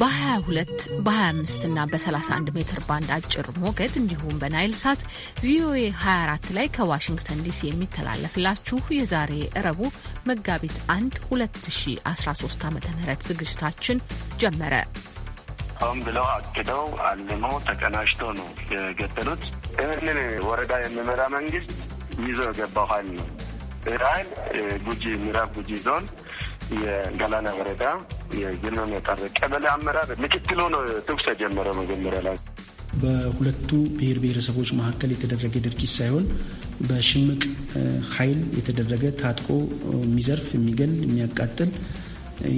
በ22 በ25 እና በ31 ሜትር ባንድ አጭር ሞገድ እንዲሁም በናይል ሳት ቪኦኤ 24 ላይ ከዋሽንግተን ዲሲ የሚተላለፍላችሁ የዛሬ እረቡ መጋቢት 1 2013 ዓ ም ዝግጅታችን ጀመረ። አሁን ብለው አቅደው አልሞ ተቀናጅተው ነው የገደሉት። ይህንን ወረዳ የሚመራ መንግስት ይዞ የገባው ኃይል ነው። ራይል ጉጂ ምዕራብ ጉጂ ዞን የገላና ወረዳ የጀኖን የቀረ ቀበሌ አመራር ምክትሉ ነው ተኩስ የጀመረው መጀመሪያ ላይ በሁለቱ ብሔር ብሔረሰቦች መካከል የተደረገ ድርጊት ሳይሆን በሽምቅ ኃይል የተደረገ ታጥቆ የሚዘርፍ የሚገል የሚያቃጥል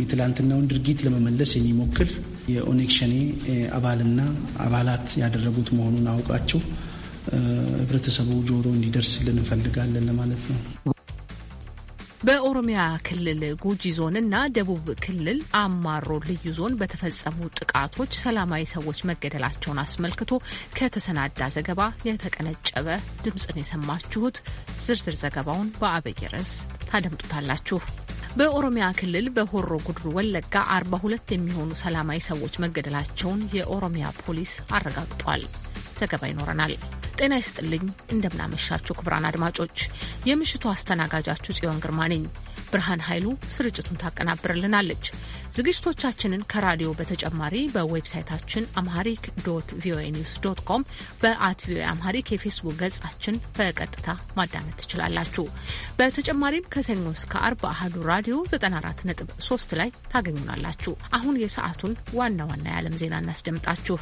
የትላንትናውን ድርጊት ለመመለስ የሚሞክር የኦነግ ሸኔ አባልና አባላት ያደረጉት መሆኑን አውቃቸው ህብረተሰቡ ጆሮ እንዲደርስልን እንፈልጋለን ለማለት ነው። በኦሮሚያ ክልል ጉጂ ዞንና ደቡብ ክልል አማሮ ልዩ ዞን በተፈጸሙ ጥቃቶች ሰላማዊ ሰዎች መገደላቸውን አስመልክቶ ከተሰናዳ ዘገባ የተቀነጨበ ድምፅን የሰማችሁት። ዝርዝር ዘገባውን በአብይ ርዕስ ታደምጡታላችሁ። በኦሮሚያ ክልል በሆሮ ጉድሩ ወለጋ አርባ ሁለት የሚሆኑ ሰላማዊ ሰዎች መገደላቸውን የኦሮሚያ ፖሊስ አረጋግጧል። ዘገባ ይኖረናል። ጤና ይስጥልኝ። እንደምናመሻችሁ ክቡራን አድማጮች፣ የምሽቱ አስተናጋጃችሁ ጽዮን ግርማ ነኝ። ብርሃን ኃይሉ ስርጭቱን ታቀናብርልናለች። ዝግጅቶቻችንን ከራዲዮ በተጨማሪ በዌብሳይታችን አምሃሪክ ዶት ቪኦኤ ኒውስ ዶት ኮም፣ በአት ቪኦኤ አምሃሪክ የፌስቡክ ገጻችን በቀጥታ ማዳመጥ ትችላላችሁ። በተጨማሪም ከሰኞ እስከ አርብ አህዱ ራዲዮ 94.3 ላይ ታገኙናላችሁ። አሁን የሰዓቱን ዋና ዋና የዓለም ዜና እናስደምጣችሁ።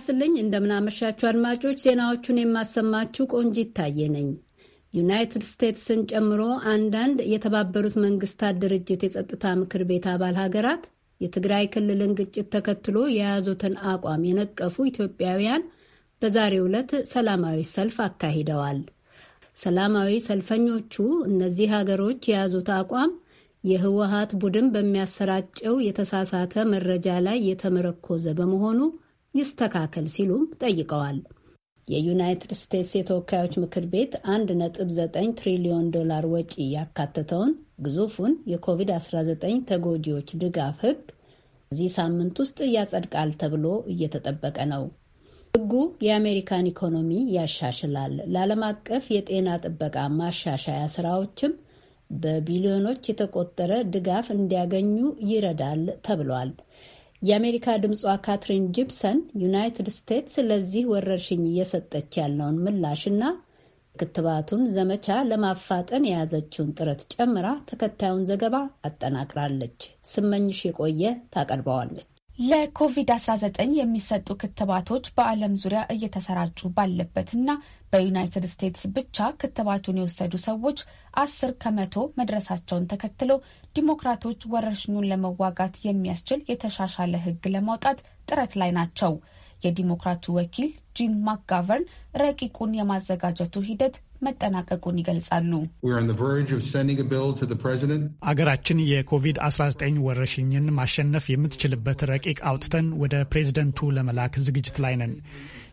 ጤና እንደምናመሻችሁ አድማጮች፣ ዜናዎቹን የማሰማችሁ ቆንጂ ይታየ ነኝ። ዩናይትድ ስቴትስን ጨምሮ አንዳንድ የተባበሩት መንግስታት ድርጅት የጸጥታ ምክር ቤት አባል ሀገራት የትግራይ ክልልን ግጭት ተከትሎ የያዙትን አቋም የነቀፉ ኢትዮጵያውያን በዛሬው ዕለት ሰላማዊ ሰልፍ አካሂደዋል። ሰላማዊ ሰልፈኞቹ እነዚህ ሀገሮች የያዙት አቋም የህወሀት ቡድን በሚያሰራጨው የተሳሳተ መረጃ ላይ የተመረኮዘ በመሆኑ ይስተካከል ሲሉም ጠይቀዋል። የዩናይትድ ስቴትስ የተወካዮች ምክር ቤት 1.9 ትሪሊዮን ዶላር ወጪ ያካተተውን ግዙፉን የኮቪድ-19 ተጎጂዎች ድጋፍ ሕግ እዚህ ሳምንት ውስጥ ያጸድቃል ተብሎ እየተጠበቀ ነው። ሕጉ የአሜሪካን ኢኮኖሚ ያሻሽላል፣ ለዓለም አቀፍ የጤና ጥበቃ ማሻሻያ ስራዎችም በቢሊዮኖች የተቆጠረ ድጋፍ እንዲያገኙ ይረዳል ተብሏል። የአሜሪካ ድምጿ ካትሪን ጂፕሰን ዩናይትድ ስቴትስ ለዚህ ወረርሽኝ እየሰጠች ያለውን ምላሽ እና ክትባቱን ዘመቻ ለማፋጠን የያዘችውን ጥረት ጨምራ ተከታዩን ዘገባ አጠናቅራለች። ስመኝሽ የቆየ ታቀርበዋለች። ለኮቪድ-19 የሚሰጡ ክትባቶች በዓለም ዙሪያ እየተሰራጩ ባለበትና በዩናይትድ ስቴትስ ብቻ ክትባቱን የወሰዱ ሰዎች አስር ከመቶ መድረሳቸውን ተከትሎ ዲሞክራቶች ወረርሽኙን ለመዋጋት የሚያስችል የተሻሻለ ሕግ ለማውጣት ጥረት ላይ ናቸው። የዲሞክራቱ ወኪል ጂም ማክጋቨርን ረቂቁን የማዘጋጀቱ ሂደት መጠናቀቁን ይገልጻሉ። አገራችን የኮቪድ-19 ወረርሽኝን ማሸነፍ የምትችልበት ረቂቅ አውጥተን ወደ ፕሬዝደንቱ ለመላክ ዝግጅት ላይ ነን።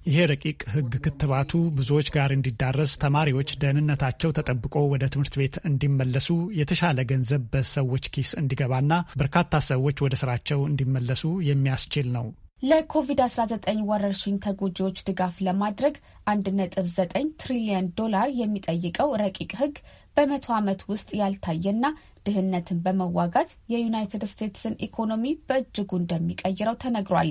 ይሄ ረቂቅ ሕግ ክትባቱ ብዙዎች ጋር እንዲዳረስ፣ ተማሪዎች ደህንነታቸው ተጠብቆ ወደ ትምህርት ቤት እንዲመለሱ፣ የተሻለ ገንዘብ በሰዎች ኪስ እንዲገባና በርካታ ሰዎች ወደ ስራቸው እንዲመለሱ የሚያስችል ነው። ለኮቪድ-19 ወረርሽኝ ተጎጂዎች ድጋፍ ለማድረግ 1.9 ትሪሊየን ዶላር የሚጠይቀው ረቂቅ ሕግ በመቶ ዓመት ውስጥ ያልታየና ድህነትን በመዋጋት የዩናይትድ ስቴትስን ኢኮኖሚ በእጅጉ እንደሚቀይረው ተነግሯል።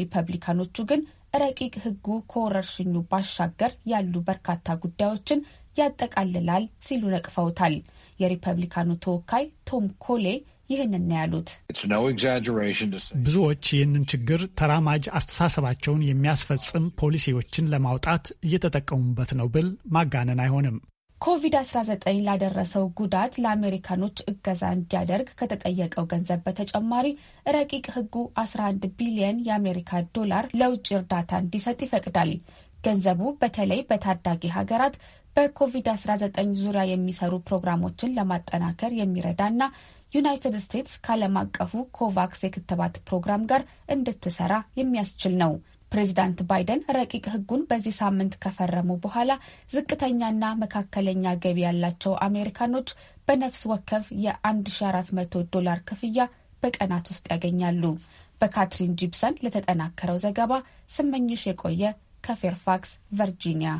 ሪፐብሊካኖቹ ግን ረቂቅ ህጉ ከወረርሽኙ ባሻገር ያሉ በርካታ ጉዳዮችን ያጠቃልላል ሲሉ ነቅፈውታል። የሪፐብሊካኑ ተወካይ ቶም ኮሌ ይህንን ያሉት ብዙዎች ይህንን ችግር ተራማጅ አስተሳሰባቸውን የሚያስፈጽም ፖሊሲዎችን ለማውጣት እየተጠቀሙበት ነው ብል ማጋነን አይሆንም። ኮቪድ-19 ላደረሰው ጉዳት ለአሜሪካኖች እገዛ እንዲያደርግ ከተጠየቀው ገንዘብ በተጨማሪ ረቂቅ ሕጉ 11 ቢሊየን የአሜሪካ ዶላር ለውጭ እርዳታ እንዲሰጥ ይፈቅዳል። ገንዘቡ በተለይ በታዳጊ ሀገራት በኮቪድ-19 ዙሪያ የሚሰሩ ፕሮግራሞችን ለማጠናከር የሚረዳና ዩናይትድ ስቴትስ ከዓለም አቀፉ ኮቫክስ የክትባት ፕሮግራም ጋር እንድትሰራ የሚያስችል ነው። ፕሬዚዳንት ባይደን ረቂቅ ሕጉን በዚህ ሳምንት ከፈረሙ በኋላ ዝቅተኛና መካከለኛ ገቢ ያላቸው አሜሪካኖች በነፍስ ወከፍ የ1400 ዶላር ክፍያ በቀናት ውስጥ ያገኛሉ። በካትሪን ጂፕሰን ለተጠናከረው ዘገባ ስመኝሽ የቆየ ከፌርፋክስ ቨርጂኒያ።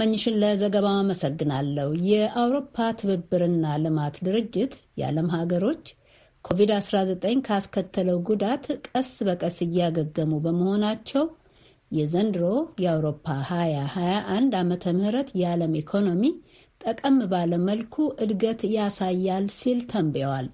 መኝሽን ለዘገባ አመሰግናለሁ። የአውሮፓ ትብብርና ልማት ድርጅት የዓለም ሀገሮች ኮቪድ-19 ካስከተለው ጉዳት ቀስ በቀስ እያገገሙ በመሆናቸው የዘንድሮ የአውሮፓ 2021 ዓመተ ምህረት የዓለም ኢኮኖሚ ጠቀም ባለ መልኩ እድገት ያሳያል ሲል ተንብየዋል።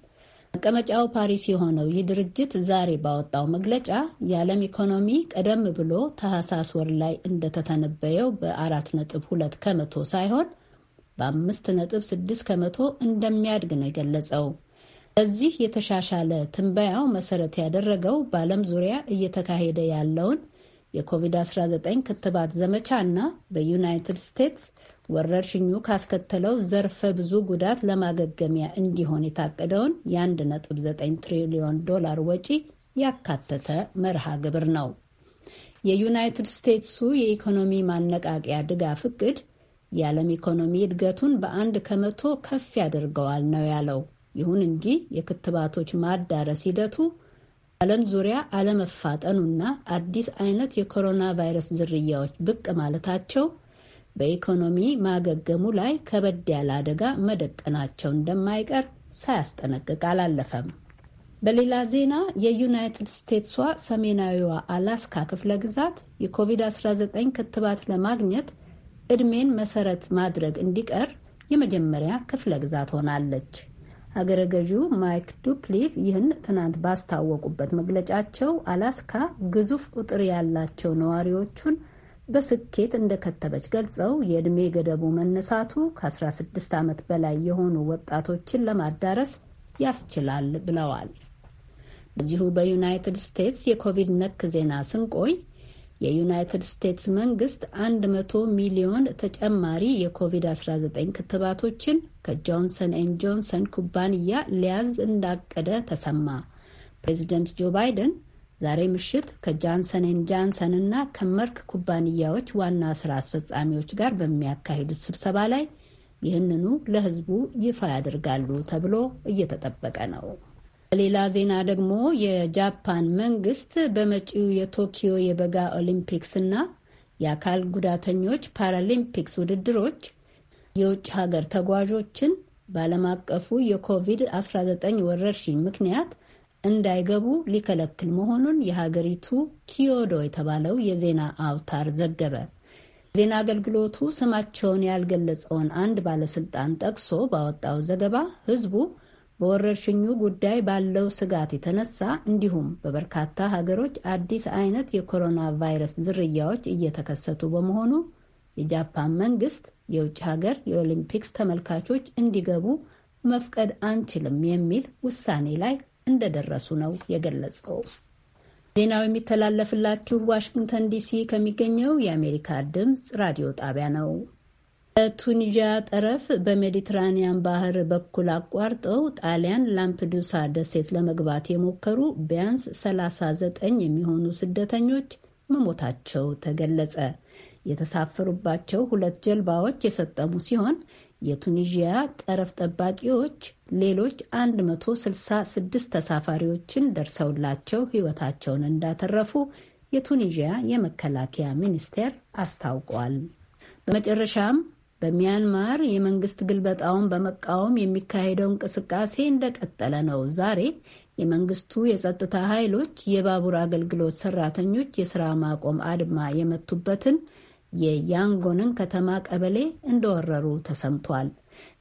መቀመጫው ፓሪስ የሆነው ይህ ድርጅት ዛሬ ባወጣው መግለጫ የዓለም ኢኮኖሚ ቀደም ብሎ ታህሳስ ወር ላይ እንደተተነበየው በአራት ነጥብ ሁለት ከመቶ ሳይሆን በአምስት ነጥብ ስድስት ከመቶ እንደሚያድግ ነው የገለጸው። በዚህ የተሻሻለ ትንበያው መሰረት ያደረገው በዓለም ዙሪያ እየተካሄደ ያለውን የኮቪድ-19 ክትባት ዘመቻ እና በዩናይትድ ስቴትስ ወረርሽኙ ካስከተለው ዘርፈ ብዙ ጉዳት ለማገገሚያ እንዲሆን የታቀደውን የ1.9 ትሪሊዮን ዶላር ወጪ ያካተተ መርሃ ግብር ነው። የዩናይትድ ስቴትሱ የኢኮኖሚ ማነቃቂያ ድጋፍ እቅድ የዓለም ኢኮኖሚ እድገቱን በአንድ ከመቶ ከፍ ያደርገዋል ነው ያለው። ይሁን እንጂ የክትባቶች ማዳረስ ሂደቱ ዓለም ዙሪያ አለመፋጠኑና አዲስ አይነት የኮሮና ቫይረስ ዝርያዎች ብቅ ማለታቸው በኢኮኖሚ ማገገሙ ላይ ከበድ ያለ አደጋ መደቀናቸው እንደማይቀር ሳያስጠነቅቅ አላለፈም። በሌላ ዜና የዩናይትድ ስቴትሷ ሰሜናዊዋ አላስካ ክፍለ ግዛት የኮቪድ-19 ክትባት ለማግኘት እድሜን መሰረት ማድረግ እንዲቀር የመጀመሪያ ክፍለ ግዛት ሆናለች። አገረ ገዢው ማይክ ዱፕሊቭ ይህን ትናንት ባስታወቁበት መግለጫቸው አላስካ ግዙፍ ቁጥር ያላቸው ነዋሪዎቹን በስኬት እንደከተበች ገልጸው የዕድሜ ገደቡ መነሳቱ ከ16 ዓመት በላይ የሆኑ ወጣቶችን ለማዳረስ ያስችላል ብለዋል። በዚሁ በዩናይትድ ስቴትስ የኮቪድ ነክ ዜና ስንቆይ የዩናይትድ ስቴትስ መንግስት 100 ሚሊዮን ተጨማሪ የኮቪድ-19 ክትባቶችን ከጆንሰን ኤን ጆንሰን ኩባንያ ሊያዝ እንዳቀደ ተሰማ። ፕሬዚደንት ጆ ባይደን ዛሬ ምሽት ከጃንሰንን ጃንሰን እና ከመርክ ኩባንያዎች ዋና ስራ አስፈጻሚዎች ጋር በሚያካሂዱት ስብሰባ ላይ ይህንኑ ለህዝቡ ይፋ ያደርጋሉ ተብሎ እየተጠበቀ ነው። በሌላ ዜና ደግሞ የጃፓን መንግስት በመጪው የቶኪዮ የበጋ ኦሊምፒክስ እና የአካል ጉዳተኞች ፓራሊምፒክስ ውድድሮች የውጭ ሀገር ተጓዦችን በዓለም አቀፉ የኮቪድ-19 ወረርሽኝ ምክንያት እንዳይገቡ ሊከለክል መሆኑን የሀገሪቱ ኪዮዶ የተባለው የዜና አውታር ዘገበ። ዜና አገልግሎቱ ስማቸውን ያልገለጸውን አንድ ባለስልጣን ጠቅሶ ባወጣው ዘገባ ህዝቡ በወረርሽኙ ጉዳይ ባለው ስጋት የተነሳ እንዲሁም በበርካታ ሀገሮች አዲስ አይነት የኮሮና ቫይረስ ዝርያዎች እየተከሰቱ በመሆኑ የጃፓን መንግስት የውጭ ሀገር የኦሊምፒክስ ተመልካቾች እንዲገቡ መፍቀድ አንችልም የሚል ውሳኔ ላይ እንደደረሱ ነው የገለጸው። ዜናው የሚተላለፍላችሁ ዋሽንግተን ዲሲ ከሚገኘው የአሜሪካ ድምፅ ራዲዮ ጣቢያ ነው። በቱኒዥያ ጠረፍ በሜዲትራኒያን ባህር በኩል አቋርጠው ጣሊያን ላምፕዱሳ ደሴት ለመግባት የሞከሩ ቢያንስ 39 የሚሆኑ ስደተኞች መሞታቸው ተገለጸ። የተሳፈሩባቸው ሁለት ጀልባዎች የሰጠሙ ሲሆን የቱኒዥያ ጠረፍ ጠባቂዎች ሌሎች 166 ተሳፋሪዎችን ደርሰውላቸው ሕይወታቸውን እንዳተረፉ የቱኒዥያ የመከላከያ ሚኒስቴር አስታውቋል። በመጨረሻም በሚያንማር የመንግስት ግልበጣውን በመቃወም የሚካሄደው እንቅስቃሴ እንደቀጠለ ነው። ዛሬ የመንግስቱ የጸጥታ ኃይሎች የባቡር አገልግሎት ሰራተኞች የሥራ ማቆም አድማ የመቱበትን የያንጎንን ከተማ ቀበሌ እንደወረሩ ተሰምቷል።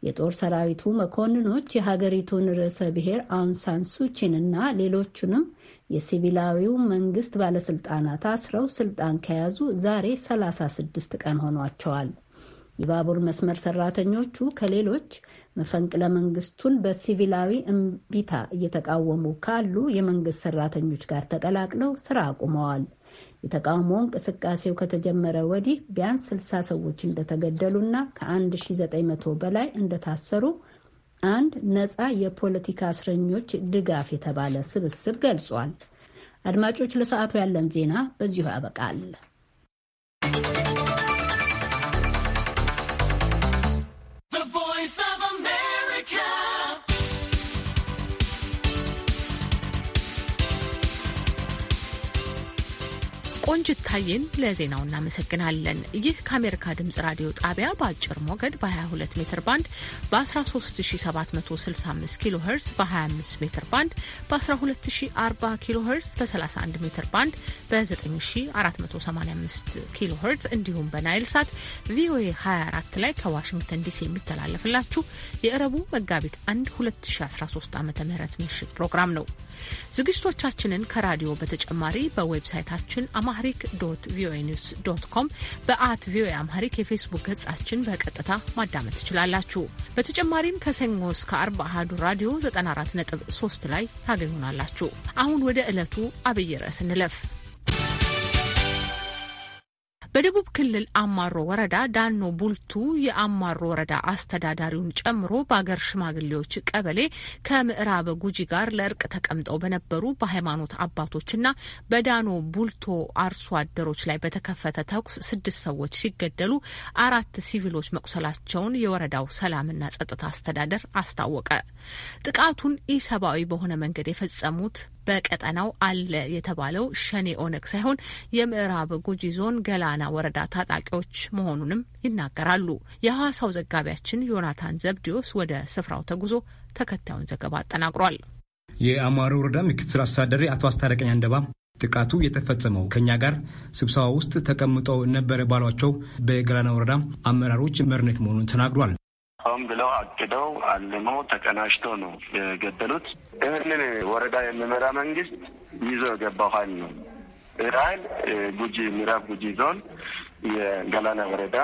የጦር ሰራዊቱ መኮንኖች የሀገሪቱን ርዕሰ ብሔር አውንሳን ሱቺን እና ሌሎቹንም የሲቪላዊው መንግስት ባለስልጣናት አስረው ስልጣን ከያዙ ዛሬ 36 ቀን ሆኗቸዋል። የባቡር መስመር ሰራተኞቹ ከሌሎች መፈንቅለ መንግስቱን በሲቪላዊ እምቢታ እየተቃወሙ ካሉ የመንግስት ሰራተኞች ጋር ተቀላቅለው ስራ አቁመዋል። የተቃውሞ እንቅስቃሴው ከተጀመረ ወዲህ ቢያንስ 60 ሰዎች እንደተገደሉና ከ1900 በላይ እንደታሰሩ አንድ ነጻ የፖለቲካ እስረኞች ድጋፍ የተባለ ስብስብ ገልጿል። አድማጮች፣ ለሰዓቱ ያለን ዜና በዚሁ ያበቃል። ቆንጅት ታዬን ለዜናው እናመሰግናለን። ይህ ከአሜሪካ ድምጽ ራዲዮ ጣቢያ በአጭር ሞገድ በ22 ሜትር ባንድ በ13765 ኪሎ ሄርዝ በ25 ሜትር ባንድ በ1240 ኪሎ ሄርዝ በ31 ሜትር ባንድ በ9485 ኪሎ ሄርዝ እንዲሁም በናይል ሳት ቪኦኤ 24 ላይ ከዋሽንግተን ዲሲ የሚተላለፍላችሁ የእረቡ መጋቢት 1 2013 ዓ ም ምሽት ፕሮግራም ነው። ዝግጅቶቻችንን ከራዲዮ በተጨማሪ በዌብሳይታችን አማ አምሃሪክ ዶት ቪኦኤ ኒውስ ዶት ኮም በአት ቪኦኤ አምሃሪክ የፌስቡክ ገጻችን በቀጥታ ማዳመጥ ትችላላችሁ። በተጨማሪም ከሰኞ እስከ አርብ አህዱ ራዲዮ 94.3 ላይ ታገኙናላችሁ። አሁን ወደ ዕለቱ አብይ ርዕስ እንለፍ። በደቡብ ክልል አማሮ ወረዳ ዳኖ ቡልቱ የአማሮ ወረዳ አስተዳዳሪውን ጨምሮ በአገር ሽማግሌዎች ቀበሌ ከምዕራብ ጉጂ ጋር ለእርቅ ተቀምጠው በነበሩ በሃይማኖት አባቶችና በዳኖ ቡልቶ አርሶ አደሮች ላይ በተከፈተ ተኩስ ስድስት ሰዎች ሲገደሉ አራት ሲቪሎች መቁሰላቸውን የወረዳው ሰላምና ጸጥታ አስተዳደር አስታወቀ። ጥቃቱን ኢሰብአዊ በሆነ መንገድ የፈጸሙት በቀጠናው አለ የተባለው ሸኔ ኦነግ ሳይሆን የምዕራብ ጉጂ ዞን ገላና ወረዳ ታጣቂዎች መሆኑንም ይናገራሉ። የሐዋሳው ዘጋቢያችን ዮናታን ዘብዲዮስ ወደ ስፍራው ተጉዞ ተከታዩን ዘገባ አጠናቅሯል። የአማሮ ወረዳ ምክትል አስተዳዳሪ አቶ አስታረቀኝ አንደባ ጥቃቱ የተፈጸመው ከእኛ ጋር ስብሰባ ውስጥ ተቀምጠው ነበረ ባሏቸው በገላና ወረዳ አመራሮች መርነት መሆኑን ተናግሯል። ሆን ብለው አቅደው አልሞ ተቀናጅተው ነው የገደሉት። ይህንን ወረዳ የሚመራ መንግስት ይዞ የገባው ኃይል ነው። ይህ ጉጂ ምዕራብ ጉጂ ዞን የገላና ወረዳ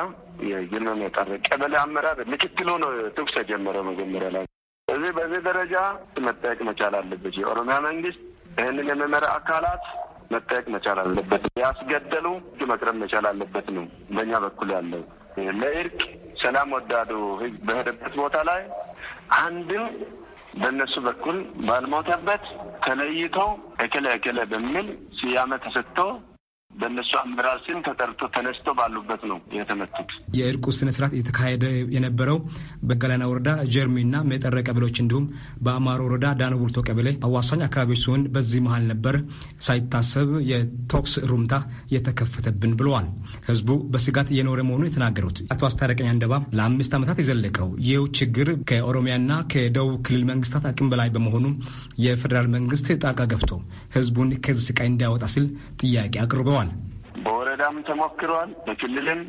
የግልመ መጠር ቀበሌ አመራር ምክትሉ ነው ትኩስ የጀመረው መጀመሪያ ላይ። እዚህ በዚህ ደረጃ መጠየቅ መቻል አለበት። የኦሮሚያ መንግስት ይህንን የሚመራ አካላት መጠየቅ መቻል አለበት። ያስገደሉ ህግ መቅረብ መቻል አለበት ነው በእኛ በኩል ያለው ለእርቅ ሰላም ወዳዱ ህዝብ በሄደበት ቦታ ላይ አንድም በእነሱ በኩል ባልሞተበት ተለይተው እክለ እከለ በሚል ስያመ ተሰጥቶ በእነሱ አመራር ስም ተጠርቶ ተነስቶ ባሉበት ነው የተመቱት። የእርቁ ስነስርዓት የተካሄደ የነበረው በገላና ወረዳ ጀርሚና መጠረ ቀበሌዎች እንዲሁም በአማሮ ወረዳ ዳኖቡልቶ ቀበሌ አዋሳኝ አካባቢዎች ሲሆን በዚህ መሀል ነበር ሳይታሰብ የቶክስ ሩምታ የተከፈተብን ብለዋል። ህዝቡ በስጋት እየኖረ መሆኑ የተናገሩት አቶ አስታረቀኝ አንደባ ለአምስት ዓመታት የዘለቀው ይኸው ችግር ከኦሮሚያና ከደቡብ ክልል መንግስታት አቅም በላይ በመሆኑ የፌዴራል መንግስት ጣልቃ ገብቶ ህዝቡን ከዚህ ስቃይ እንዲያወጣ ሲል ጥያቄ አቅርበዋል። ተሞክሯል። በወረዳም ተሞክሯል። በክልልም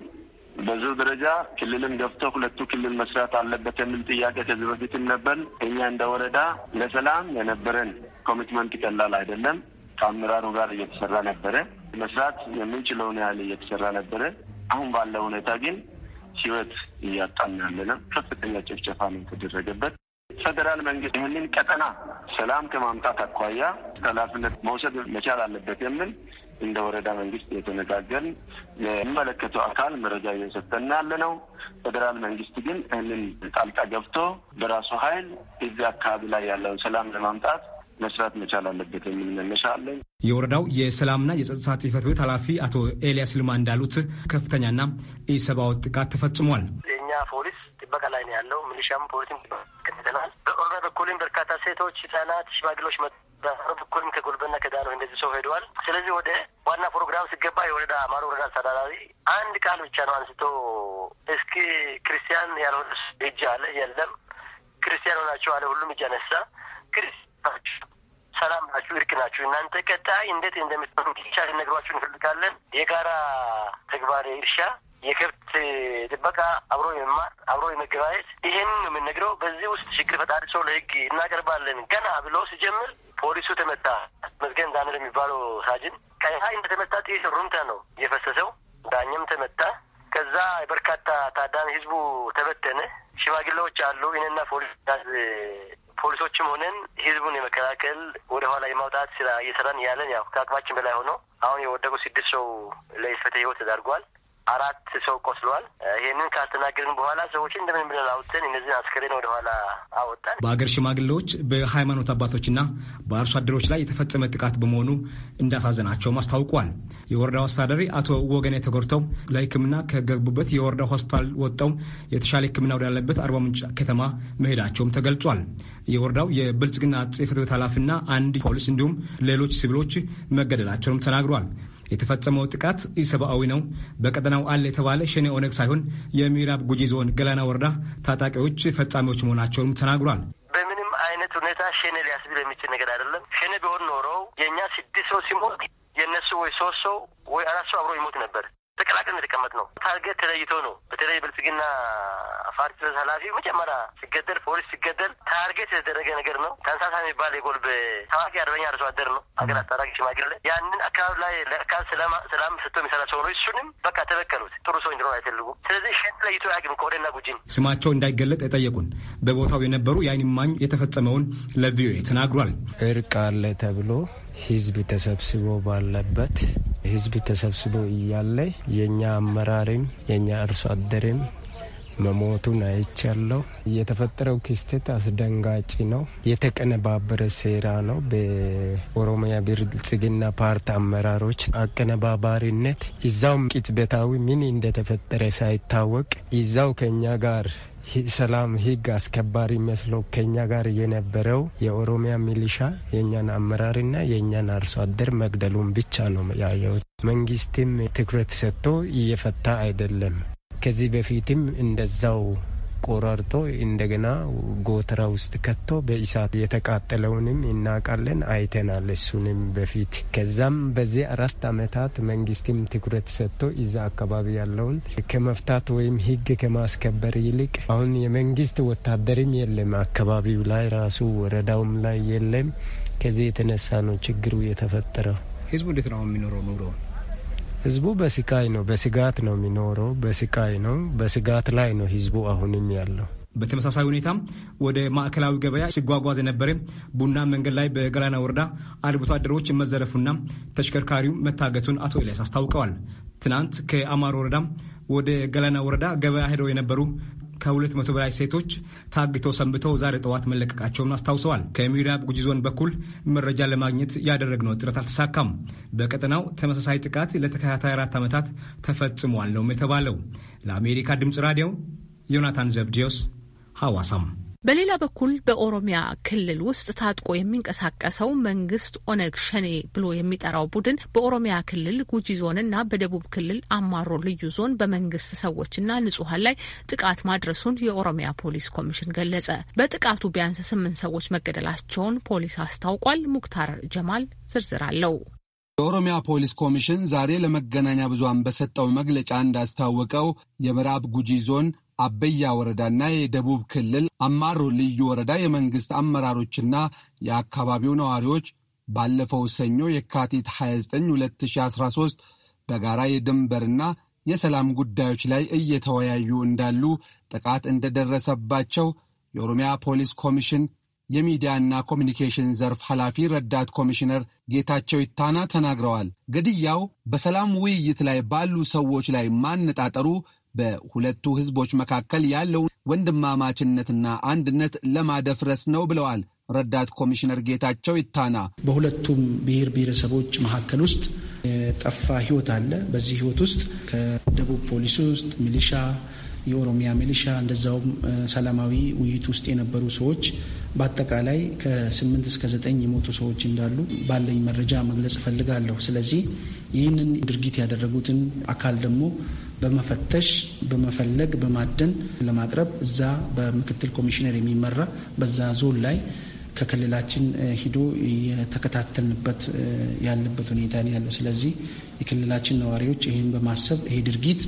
በዙ ደረጃ ክልልም ገብቶ ሁለቱ ክልል መስራት አለበት የሚል ጥያቄ ከዚህ በፊትም ነበር። እኛ እንደ ወረዳ ለሰላም የነበረን ኮሚትመንት ቀላል አይደለም። ከአመራሩ ጋር እየተሰራ ነበረ። መስራት የምንችለውን ያህል እየተሰራ ነበረ። አሁን ባለው ሁኔታ ግን ህይወት እያጣን ያለ ነው። ከፍተኛ ጭፍጨፋ ነው የተደረገበት። ፌዴራል መንግስት ይህንን ቀጠና ሰላም ከማምጣት አኳያ ኃላፊነት መውሰድ መቻል አለበት የሚል እንደ ወረዳ መንግስት የተነጋገርን የሚመለከተው አካል መረጃ እየሰጠና ያለ ነው። ፌዴራል መንግስት ግን ይህንን ጣልቃ ገብቶ በራሱ ኃይል እዚህ አካባቢ ላይ ያለውን ሰላም ለማምጣት መስራት መቻል አለበት የሚል መነሻ አለን። የወረዳው የሰላምና የጸጥታ ጽህፈት ቤት ኃላፊ አቶ ኤልያስ ልማ እንዳሉት ከፍተኛና ኢሰብአዊ ጥቃት ተፈጽሟል። የእኛ ፖሊስ ጥበቃ ላይ ነው ያለው። ሚሊሻም ፖሊስም ይከተላል። በኦሮሚያ በኩልም በርካታ ሴቶች፣ ህጻናት፣ ሽማግሌዎች መጡ በሰው በኩልም ከጎልበና ከዳሎ እንደዚህ ሰው ሄደዋል። ስለዚህ ወደ ዋና ፕሮግራም ሲገባ የወረዳ አማሮ ወረዳ አስተዳዳሪ አንድ ቃል ብቻ ነው አንስቶ እስኪ ክርስቲያን ያልሆነ እጅ አለ የለም ክርስቲያን ሆናችሁ አለ ሁሉም እጅ አነሳ። ክርስቲያናችሁ ሰላም ናችሁ፣ እርቅ ናችሁ። እናንተ ቀጣይ እንዴት እንደምትሆኑ ብቻ ልነግሯችሁ እንፈልጋለን። የጋራ ተግባር እርሻ የከብት ጥበቃ አብሮ የመማር አብሮ የመገባየት ይህን የምንነግረው በዚህ ውስጥ ችግር ፈጣሪ ሰው ለህግ እናቀርባለን ገና ብሎ ሲጀምር ፖሊሱ ተመታ። መዝገን ዛምር የሚባለው ሳጅን ቀይ ሀይ እንደተመታ ጥይት ሩምታ ነው እየፈሰሰው። ዳኝም ተመታ። ከዛ በርካታ ታዳሚ ህዝቡ ተበተነ። ሽማግሌዎች አሉ። ይህንና ፖሊስ ፖሊሶችም ሆነን ህዝቡን የመከላከል ወደ ኋላ የማውጣት ስራ እየሰራን ያለን ያው ከአቅማችን በላይ ሆኖ አሁን የወደቁ ስድስት ሰው ለህልፈተ ህይወት ተዳርጓል። አራት ሰው ቆስሏል። ይህንን ካስተናገድን በኋላ ሰዎች እንደምን ብለን አውጥተን እነዚህን አስክሬን ወደኋላ አወጣን። በአገር ሽማግሌዎች፣ በሃይማኖት አባቶችና በአርሶ አደሮች ላይ የተፈጸመ ጥቃት በመሆኑ እንዳሳዘናቸውም አስታውቋል። የወረዳው አስተዳዳሪ አቶ ወገኔ ተጎድተው ለሕክምና ከገቡበት የወረዳ ሆስፒታል ወጥተው የተሻለ ሕክምና ወዳለበት አርባ ምንጭ ከተማ መሄዳቸውም ተገልጿል። የወረዳው የብልጽግና ጽሕፈት ቤት ኃላፊና አንድ ፖሊስ እንዲሁም ሌሎች ሲቪሎች መገደላቸውም ተናግሯል። የተፈጸመው ጥቃት ኢሰብአዊ ነው። በቀጠናው አለ የተባለ ሸኔ ኦነግ ሳይሆን የምዕራብ ጉጂ ዞን ገላና ወረዳ ታጣቂዎች ፈጻሚዎች መሆናቸውንም ተናግሯል። በምንም አይነት ሁኔታ ሸኔ ሊያስብል የሚችል ነገር አይደለም። ሸኔ ቢሆን ኖረው የእኛ ስድስት ሰው ሲሞት የእነሱ ወይ ሶስት ሰው ወይ አራት ሰው አብሮ ይሞት ነበር። ተቀላቀል የተቀመጥ ነው። ታርጌት ተለይቶ ነው። በተለይ ብልጽግና ፓርቲ ጽሕፈት ኃላፊ መጀመሪያ ሲገደል ፖሊስ ሲገደል ታርጌት የተደረገ ነገር ነው። ተንሳሳ የሚባል የጎልብ ታዋቂ አርበኛ አርሶ አደር ነው። አገር አስታራቂ ሽማግሌ ያንን አካባቢ ላይ ለአካባቢ ሰላም ሰጥቶ የሚሰራ ሰው ነው። እሱንም በቃ ተበቀሉት። ጥሩ ሰው እንዲኖር አይፈልጉም። ስለዚህ ሸት ለይቶ አያውቅም። ከወደና ጉጂን ስማቸው እንዳይገለጥ የጠየቁን በቦታው የነበሩ የአይን እማኝ የተፈጸመውን ለቪኦኤ ተናግሯል። እርቅ አለ ተብሎ ህዝብ ተሰብስቦ ባለበት ህዝብ ተሰብስቦ እያለ የእኛ አመራርን የእኛ አርሶ አደርን መሞቱን አይቻለሁ። የተፈጠረው ክስተት አስደንጋጭ ነው። የተቀነባበረ ሴራ ነው። በኦሮሚያ ብልጽግና ፓርቲ አመራሮች አቀነባባሪነት እዛው ቅጽበታዊ ምን እንደተፈጠረ ሳይታወቅ እዛው ከእኛ ጋር ሰላም ህግ አስከባሪ መስሎ ከኛ ጋር የነበረው የኦሮሚያ ሚሊሻ የእኛን አመራርና የእኛን አርሶ አደር መግደሉን ብቻ ነው ያየሁት። መንግስትም ትኩረት ሰጥቶ እየፈታ አይደለም። ከዚህ በፊትም እንደዛው ቆራርቶ እንደገና ጎተራ ውስጥ ከቶ በእሳት የተቃጠለውንም እናውቃለን፣ አይተናል እሱንም በፊት። ከዛም በዚህ አራት አመታት መንግስትም ትኩረት ሰጥቶ እዛ አካባቢ ያለውን ከመፍታት ወይም ህግ ከማስከበር ይልቅ አሁን የመንግስት ወታደርም የለም አካባቢው ላይ ራሱ ወረዳውም ላይ የለም። ከዚህ የተነሳ ነው ችግሩ የተፈጠረው። ህዝቡ እንዴት ነው የሚኖረው ኑሮውን ህዝቡ በስቃይ ነው፣ በስጋት ነው የሚኖረው። በስቃይ ነው፣ በስጋት ላይ ነው ህዝቡ አሁንም ያለው። በተመሳሳይ ሁኔታ ወደ ማዕከላዊ ገበያ ሲጓጓዝ የነበረ ቡና መንገድ ላይ በገላና ወረዳ አርብቶ አደሮች መዘረፉና ተሽከርካሪው መታገቱን አቶ ኤልያስ አስታውቀዋል። ትናንት ከአማር ወረዳ ወደ ገላና ወረዳ ገበያ ሄደው የነበሩ ከሁለት መቶ በላይ ሴቶች ታግተው ሰንብተው ዛሬ ጠዋት መለቀቃቸውን አስታውሰዋል። ከምዕራብ ጉጂ ዞን በኩል መረጃ ለማግኘት ያደረግነው ጥረት አልተሳካም። በቀጠናው ተመሳሳይ ጥቃት ለተከታታይ አራት ዓመታት ተፈጽሟል ነውም የተባለው። ለአሜሪካ ድምፅ ራዲዮ ዮናታን ዘብዲዮስ ሐዋሳም በሌላ በኩል በኦሮሚያ ክልል ውስጥ ታጥቆ የሚንቀሳቀሰው መንግስት ኦነግ ሸኔ ብሎ የሚጠራው ቡድን በኦሮሚያ ክልል ጉጂ ዞንና በደቡብ ክልል አማሮ ልዩ ዞን በመንግስት ሰዎችና ንጹሀን ላይ ጥቃት ማድረሱን የኦሮሚያ ፖሊስ ኮሚሽን ገለጸ። በጥቃቱ ቢያንስ ስምንት ሰዎች መገደላቸውን ፖሊስ አስታውቋል። ሙክታር ጀማል ዝርዝር አለው። የኦሮሚያ ፖሊስ ኮሚሽን ዛሬ ለመገናኛ ብዙሃን በሰጠው መግለጫ እንዳስታወቀው የምዕራብ ጉጂ ዞን አበያ ወረዳና የደቡብ ክልል አማሮ ልዩ ወረዳ የመንግስት አመራሮችና የአካባቢው ነዋሪዎች ባለፈው ሰኞ የካቲት 29 2013 በጋራ የድንበርና የሰላም ጉዳዮች ላይ እየተወያዩ እንዳሉ ጥቃት እንደደረሰባቸው የኦሮሚያ ፖሊስ ኮሚሽን የሚዲያና ኮሚኒኬሽን ዘርፍ ኃላፊ ረዳት ኮሚሽነር ጌታቸው ይታና ተናግረዋል። ግድያው በሰላም ውይይት ላይ ባሉ ሰዎች ላይ ማነጣጠሩ በሁለቱ ህዝቦች መካከል ያለውን ወንድማማችነትና አንድነት ለማደፍረስ ነው ብለዋል ረዳት ኮሚሽነር ጌታቸው ይታና። በሁለቱም ብሔር ብሔረሰቦች መካከል ውስጥ የጠፋ ህይወት አለ። በዚህ ህይወት ውስጥ ከደቡብ ፖሊስ ውስጥ ሚሊሻ፣ የኦሮሚያ ሚሊሻ እንደዛውም ሰላማዊ ውይይት ውስጥ የነበሩ ሰዎች በአጠቃላይ ከስምንት እስከ ዘጠኝ የሞቱ ሰዎች እንዳሉ ባለኝ መረጃ መግለጽ እፈልጋለሁ። ስለዚህ ይህንን ድርጊት ያደረጉትን አካል ደግሞ በመፈተሽ በመፈለግ በማደን ለማቅረብ እዛ በምክትል ኮሚሽነር የሚመራ በዛ ዞን ላይ ከክልላችን ሂዶ የተከታተልንበት ያለበት ሁኔታ ነው ያለው። ስለዚህ የክልላችን ነዋሪዎች ይህን በማሰብ ይሄ ድርጊት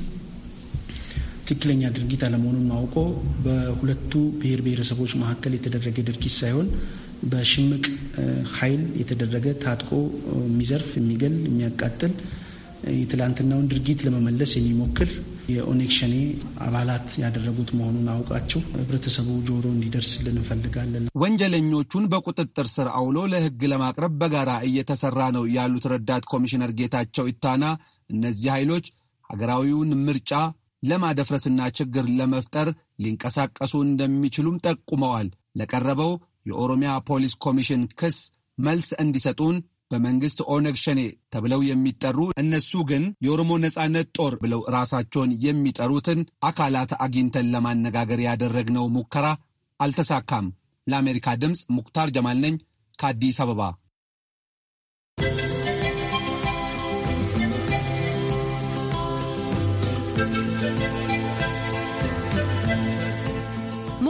ትክክለኛ ድርጊት አለመሆኑን አውቆ በሁለቱ ብሔር ብሔረሰቦች መካከል የተደረገ ድርጊት ሳይሆን በሽምቅ ኃይል የተደረገ ታጥቆ የሚዘርፍ፣ የሚገል፣ የሚያቃጥል የትላንትናውን ድርጊት ለመመለስ የሚሞክር የኦነግ ሸኔ አባላት ያደረጉት መሆኑን አውቃቸው ህብረተሰቡ ጆሮ እንዲደርስልን እንፈልጋለን። ወንጀለኞቹን በቁጥጥር ስር አውሎ ለህግ ለማቅረብ በጋራ እየተሰራ ነው ያሉት ረዳት ኮሚሽነር ጌታቸው ኢታና እነዚህ ኃይሎች ሀገራዊውን ምርጫ ለማደፍረስና ችግር ለመፍጠር ሊንቀሳቀሱ እንደሚችሉም ጠቁመዋል። ለቀረበው የኦሮሚያ ፖሊስ ኮሚሽን ክስ መልስ እንዲሰጡን በመንግስት ኦነግ ሸኔ ተብለው የሚጠሩ እነሱ ግን የኦሮሞ ነጻነት ጦር ብለው ራሳቸውን የሚጠሩትን አካላት አግኝተን ለማነጋገር ያደረግነው ሙከራ አልተሳካም። ለአሜሪካ ድምፅ ሙክታር ጀማል ነኝ ከአዲስ አበባ።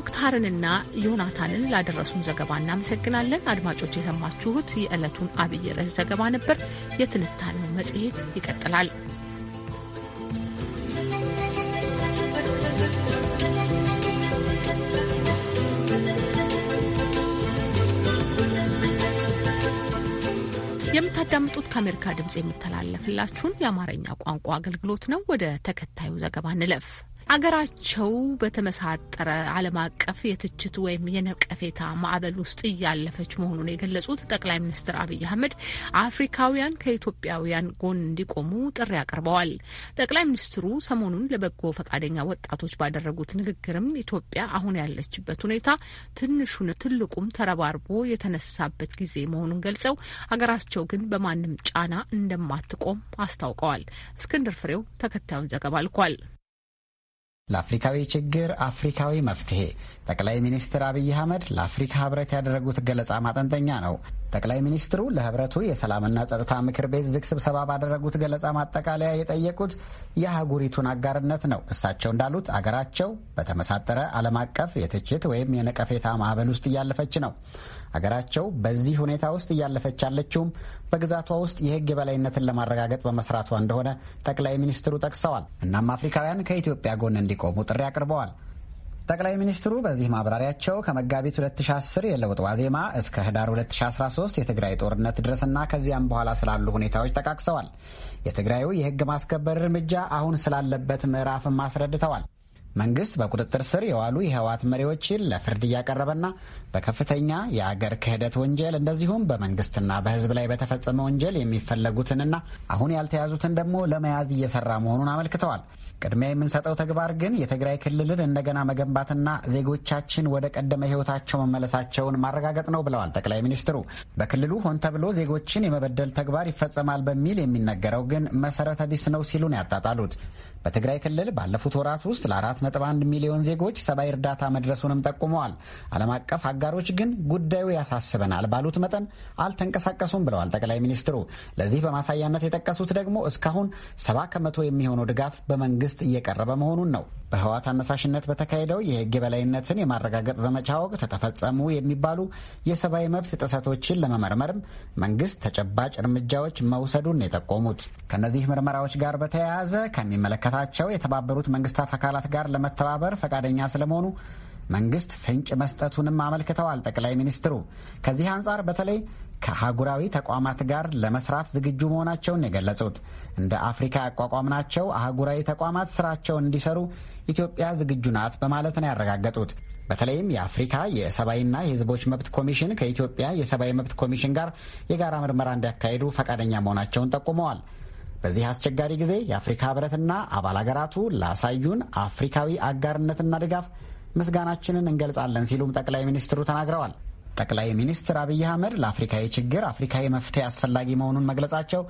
ሙክታርንና ዮናታንን ላደረሱን ዘገባ እናመሰግናለን። አድማጮች የሰማችሁት የዕለቱን አብይ ርዕስ ዘገባ ነበር። የትንታኔው መጽሔት ይቀጥላል። የምታዳምጡት ከአሜሪካ ድምፅ የሚተላለፍላችሁን የአማርኛ ቋንቋ አገልግሎት ነው። ወደ ተከታዩ ዘገባ እንለፍ። አገራቸው በተመሳጠረ ዓለም አቀፍ የትችት ወይም የነቀፌታ ማዕበል ውስጥ እያለፈች መሆኑን የገለጹት ጠቅላይ ሚኒስትር አብይ አህመድ አፍሪካውያን ከኢትዮጵያውያን ጎን እንዲቆሙ ጥሪ አቅርበዋል። ጠቅላይ ሚኒስትሩ ሰሞኑን ለበጎ ፈቃደኛ ወጣቶች ባደረጉት ንግግርም ኢትዮጵያ አሁን ያለችበት ሁኔታ ትንሹን ትልቁም ተረባርቦ የተነሳበት ጊዜ መሆኑን ገልጸው አገራቸው ግን በማንም ጫና እንደማትቆም አስታውቀዋል። እስክንድር ፍሬው ተከታዩን ዘገባ ልኳል። ለአፍሪካዊ ችግር አፍሪካዊ መፍትሄ ጠቅላይ ሚኒስትር አብይ አህመድ ለአፍሪካ ህብረት ያደረጉት ገለጻ ማጠንጠኛ ነው። ጠቅላይ ሚኒስትሩ ለህብረቱ የሰላምና ጸጥታ ምክር ቤት ዝግ ስብሰባ ባደረጉት ገለጻ ማጠቃለያ የጠየቁት የአህጉሪቱን አጋርነት ነው። እሳቸው እንዳሉት አገራቸው በተመሳጠረ ዓለም አቀፍ የትችት ወይም የነቀፌታ ማዕበል ውስጥ እያለፈች ነው። አገራቸው በዚህ ሁኔታ ውስጥ እያለፈች ያለችውም በግዛቷ ውስጥ የሕግ የበላይነትን ለማረጋገጥ በመስራቷ እንደሆነ ጠቅላይ ሚኒስትሩ ጠቅሰዋል። እናም አፍሪካውያን ከኢትዮጵያ ጎን እንዲቆሙ ጥሪ አቅርበዋል። ጠቅላይ ሚኒስትሩ በዚህ ማብራሪያቸው ከመጋቢት 2010 የለውጥ ዋዜማ እስከ ህዳር 2013 የትግራይ ጦርነት ድረስና ከዚያም በኋላ ስላሉ ሁኔታዎች ጠቃቅሰዋል። የትግራዩ የህግ ማስከበር እርምጃ አሁን ስላለበት ምዕራፍም አስረድተዋል። መንግስት በቁጥጥር ስር የዋሉ የህወሓት መሪዎችን ለፍርድ እያቀረበና በከፍተኛ የአገር ክህደት ወንጀል እንደዚሁም በመንግስትና በህዝብ ላይ በተፈጸመ ወንጀል የሚፈለጉትንና አሁን ያልተያዙትን ደግሞ ለመያዝ እየሰራ መሆኑን አመልክተዋል። ቅድሚያ የምንሰጠው ተግባር ግን የትግራይ ክልልን እንደገና መገንባትና ዜጎቻችን ወደ ቀደመ ህይወታቸው መመለሳቸውን ማረጋገጥ ነው ብለዋል ጠቅላይ ሚኒስትሩ። በክልሉ ሆን ተብሎ ዜጎችን የመበደል ተግባር ይፈጸማል በሚል የሚነገረው ግን መሰረተ ቢስ ነው ሲሉን ያጣጣሉት በትግራይ ክልል ባለፉት ወራት ውስጥ ለ4.1 ሚሊዮን ዜጎች ሰብአዊ እርዳታ መድረሱንም ጠቁመዋል። ዓለም አቀፍ አጋሮች ግን ጉዳዩ ያሳስበናል ባሉት መጠን አልተንቀሳቀሱም ብለዋል ጠቅላይ ሚኒስትሩ። ለዚህ በማሳያነት የጠቀሱት ደግሞ እስካሁን 70 ከመቶ የሚሆነው ድጋፍ በመንግስት እየቀረበ መሆኑን ነው። በህወሓት አነሳሽነት በተካሄደው የህግ የበላይነትን የማረጋገጥ ዘመቻ ወቅት ተፈጸሙ የሚባሉ የሰብአዊ መብት ጥሰቶችን ለመመርመርም መንግስት ተጨባጭ እርምጃዎች መውሰዱን የጠቆሙት ከእነዚህ ምርመራዎች ጋር በተያያዘ ከሚመለከታ መመልከታቸው የተባበሩት መንግስታት አካላት ጋር ለመተባበር ፈቃደኛ ስለመሆኑ መንግስት ፍንጭ መስጠቱንም አመልክተዋል። ጠቅላይ ሚኒስትሩ ከዚህ አንጻር በተለይ ከአህጉራዊ ተቋማት ጋር ለመስራት ዝግጁ መሆናቸውን የገለጹት እንደ አፍሪካ ያቋቋምናቸው አህጉራዊ ተቋማት ስራቸውን እንዲሰሩ ኢትዮጵያ ዝግጁ ናት በማለት ነው ያረጋገጡት። በተለይም የአፍሪካ የሰብአዊና የህዝቦች መብት ኮሚሽን ከኢትዮጵያ የሰብአዊ መብት ኮሚሽን ጋር የጋራ ምርመራ እንዲያካሄዱ ፈቃደኛ መሆናቸውን ጠቁመዋል። በዚህ አስቸጋሪ ጊዜ የአፍሪካ ህብረትና አባል አገራቱ ላሳዩን አፍሪካዊ አጋርነትና ድጋፍ ምስጋናችንን እንገልጻለን ሲሉም ጠቅላይ ሚኒስትሩ ተናግረዋል። ጠቅላይ ሚኒስትር አብይ አህመድ ለአፍሪካዊ ችግር አፍሪካዊ መፍትሄ አስፈላጊ መሆኑን መግለጻቸው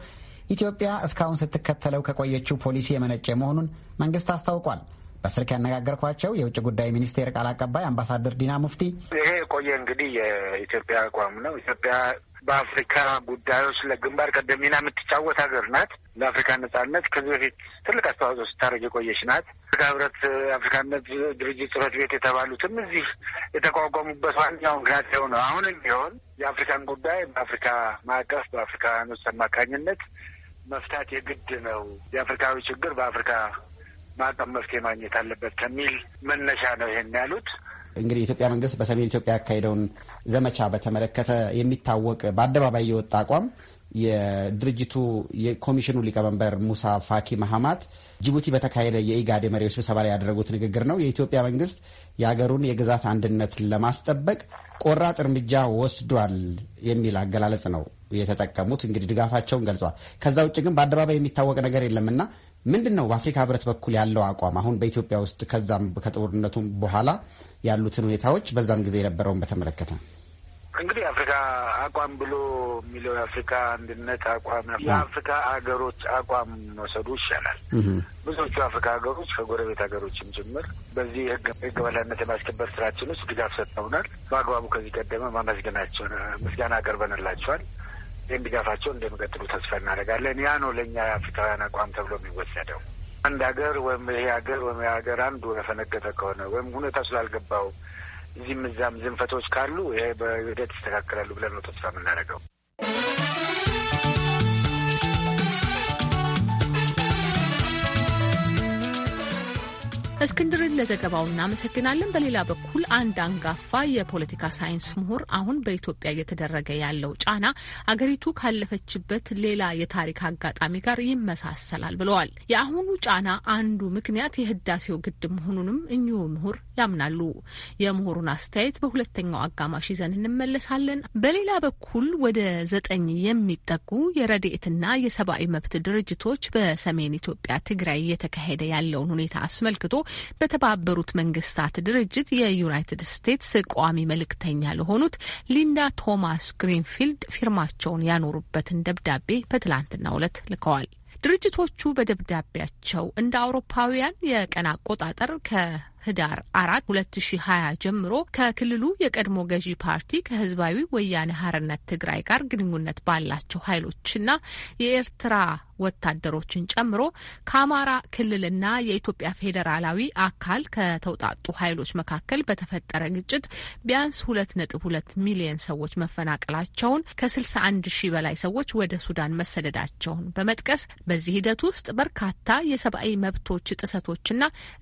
ኢትዮጵያ እስካሁን ስትከተለው ከቆየችው ፖሊሲ የመነጨ መሆኑን መንግስት አስታውቋል። በስልክ ያነጋገርኳቸው የውጭ ጉዳይ ሚኒስቴር ቃል አቀባይ አምባሳደር ዲና ሙፍቲ ይሄ የቆየ እንግዲህ የኢትዮጵያ አቋም ነው። ኢትዮጵያ በአፍሪካ ጉዳዮች ለግንባር ቀደም ሚና የምትጫወት ሀገር ናት። ለአፍሪካ ነጻነት ከዚህ በፊት ትልቅ አስተዋጽኦ ስታደርግ የቆየች ናት። አፍሪካ ህብረት፣ አፍሪካነት ድርጅት ጽሕፈት ቤት የተባሉትም እዚህ የተቋቋሙበት ዋናው ምክንያት የሆነ ነው። አሁንም ቢሆን የአፍሪካን ጉዳይ በአፍሪካ ማዕቀፍ በአፍሪካኖች አማካኝነት መፍታት የግድ ነው። የአፍሪካዊ ችግር በአፍሪካ ማዕቀፍ መፍትሄ ማግኘት አለበት ከሚል መነሻ ነው ይሄን ያሉት። እንግዲህ የኢትዮጵያ መንግስት በሰሜን ኢትዮጵያ ያካሄደውን ዘመቻ በተመለከተ የሚታወቅ በአደባባይ የወጣ አቋም የድርጅቱ የኮሚሽኑ ሊቀመንበር ሙሳ ፋኪ መሐማት ጅቡቲ በተካሄደ የኢጋድ መሪዎች ስብሰባ ላይ ያደረጉት ንግግር ነው። የኢትዮጵያ መንግስት የሀገሩን የግዛት አንድነት ለማስጠበቅ ቆራጥ እርምጃ ወስዷል የሚል አገላለጽ ነው የተጠቀሙት። እንግዲህ ድጋፋቸውን ገልጿል። ከዛ ውጭ ግን በአደባባይ የሚታወቅ ነገር የለምና ምንድን ነው በአፍሪካ ህብረት በኩል ያለው አቋም አሁን በኢትዮጵያ ውስጥ ከዛም ከጦርነቱ በኋላ ያሉትን ሁኔታዎች በዛም ጊዜ የነበረውን በተመለከተ እንግዲህ አፍሪካ አቋም ብሎ የሚለው የአፍሪካ አንድነት አቋም የአፍሪካ ሀገሮች አቋም መውሰዱ ይሻላል። ብዙዎቹ አፍሪካ ሀገሮች ከጎረቤት ሀገሮችም ጭምር በዚህ ህግ በላይነት የማስከበር ስራችን ውስጥ ድጋፍ ሰጥተውናል። በአግባቡ ከዚህ ቀደመ ማመስገናቸውን ምስጋና አቅርበንላቸዋል። ይህም ድጋፋቸው እንደሚቀጥሉ ተስፋ እናደርጋለን። ያ ነው ለእኛ የአፍሪካውያን አቋም ተብሎ የሚወሰደው። አንድ ሀገር ወይም ይሄ ሀገር ወይም ይሄ ሀገር አንዱ የፈነገጠ ከሆነ ወይም ሁኔታ ስላልገባው እዚህም እዛም ዝንፈቶች ካሉ ይሄ በሂደት ይስተካከላሉ ብለን ነው ተስፋ የምናደርገው። እስክንድርን ለዘገባው እናመሰግናለን። በሌላ በኩል አንድ አንጋፋ የፖለቲካ ሳይንስ ምሁር አሁን በኢትዮጵያ እየተደረገ ያለው ጫና አገሪቱ ካለፈችበት ሌላ የታሪክ አጋጣሚ ጋር ይመሳሰላል ብለዋል። የአሁኑ ጫና አንዱ ምክንያት የህዳሴው ግድብ መሆኑንም እኚሁ ምሁር ያምናሉ። የምሁሩን አስተያየት በሁለተኛው አጋማሽ ይዘን እንመለሳለን። በሌላ በኩል ወደ ዘጠኝ የሚጠጉ የረድኤትና የሰብአዊ መብት ድርጅቶች በሰሜን ኢትዮጵያ ትግራይ እየተካሄደ ያለውን ሁኔታ አስመልክቶ በተባበሩት መንግስታት ድርጅት የዩናይትድ ስቴትስ ቋሚ መልእክተኛ ለሆኑት ሊንዳ ቶማስ ግሪንፊልድ ፊርማቸውን ያኖሩበትን ደብዳቤ በትላንትናው ዕለት ልከዋል። ድርጅቶቹ በደብዳቤያቸው እንደ አውሮፓውያን የቀን አቆጣጠር ከ ህዳር አራት ሁለት ሺ ሀያ ጀምሮ ከክልሉ የቀድሞ ገዢ ፓርቲ ከህዝባዊ ወያነ ሀርነት ትግራይ ጋር ግንኙነት ባላቸው ኃይሎችና የኤርትራ ወታደሮችን ጨምሮ ከአማራ ክልልና የኢትዮጵያ ፌዴራላዊ አካል ከተውጣጡ ኃይሎች መካከል በተፈጠረ ግጭት ቢያንስ ሁለት ነጥብ ሁለት ሚሊየን ሰዎች መፈናቀላቸውን ከስልሳ አንድ ሺህ በላይ ሰዎች ወደ ሱዳን መሰደዳቸውን በመጥቀስ በዚህ ሂደት ውስጥ በርካታ የሰብአዊ መብቶች ጥሰቶችና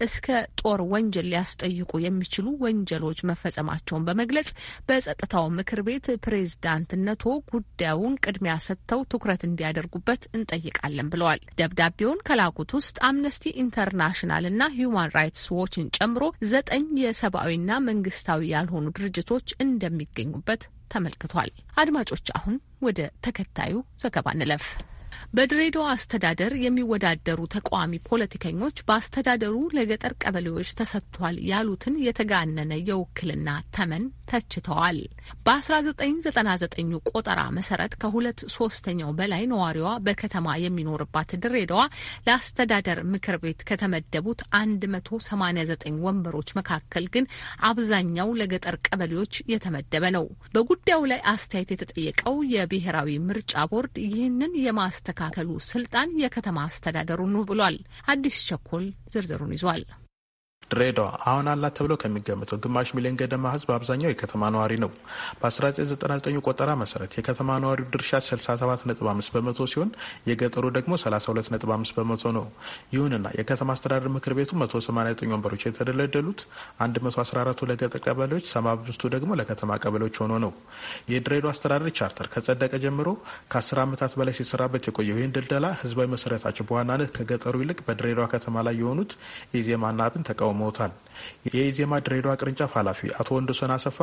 እስከ ጦር ወንጀል ወንጀል ሊያስጠይቁ የሚችሉ ወንጀሎች መፈጸማቸውን በመግለጽ በጸጥታው ምክር ቤት ፕሬዝዳንትነቶ ጉዳዩን ቅድሚያ ሰጥተው ትኩረት እንዲያደርጉበት እንጠይቃለን ብለዋል። ደብዳቤውን ከላኩት ውስጥ አምነስቲ ኢንተርናሽናል እና ሂዩማን ራይትስ ዎችን ጨምሮ ዘጠኝ የሰብአዊና መንግስታዊ ያልሆኑ ድርጅቶች እንደሚገኙበት ተመልክቷል። አድማጮች፣ አሁን ወደ ተከታዩ ዘገባ እንለፍ። በድሬዳዋ አስተዳደር የሚወዳደሩ ተቃዋሚ ፖለቲከኞች በአስተዳደሩ ለገጠር ቀበሌዎች ተሰጥቷል ያሉትን የተጋነነ የውክልና ተመን ተችተዋል። በ1999 ቆጠራ መሰረት ከሁለት ሶስተኛው በላይ ነዋሪዋ በከተማ የሚኖርባት ድሬዳዋ ለአስተዳደር ምክር ቤት ከተመደቡት 189 ወንበሮች መካከል ግን አብዛኛው ለገጠር ቀበሌዎች የተመደበ ነው። በጉዳዩ ላይ አስተያየት የተጠየቀው የብሔራዊ ምርጫ ቦርድ ይህንን የማስተ የማስተካከሉ ስልጣን የከተማ አስተዳደሩ ነው ብሏል። አዲስ ቸኮል ዝርዝሩን ይዟል። ድሬዳዋ አሁን አላት ተብሎ ከሚገመተው ግማሽ ሚሊዮን ገደማ ህዝብ አብዛኛው የከተማ ነዋሪ ነው። በ1999 ቆጠራ መሰረት የከተማ ነዋሪው ድርሻ 67.5 በመቶ ሲሆን የገጠሩ ደግሞ 32.5 በመቶ ነው። ይሁንና የከተማ አስተዳደር ምክር ቤቱ 189 ወንበሮች የተደለደሉት 114ቱ ለገጠር ቀበሌዎች፣ 75ቱ ደግሞ ለከተማ ቀበሌዎች ሆኖ ነው። የድሬዳዋ አስተዳደር ቻርተር ከጸደቀ ጀምሮ ከ10 ዓመታት በላይ ሲሰራበት የቆየው ይህን ድልደላ ህዝባዊ መሰረታቸው በዋናነት ከገጠሩ ይልቅ በድሬዳዋ ከተማ ላይ የሆኑት ኢዜማና አብን ተቃውሞ ተቃውመውታል። የኢዜማ ድሬዳዋ ቅርንጫፍ ኃላፊ አቶ ወንድሶን አሰፋ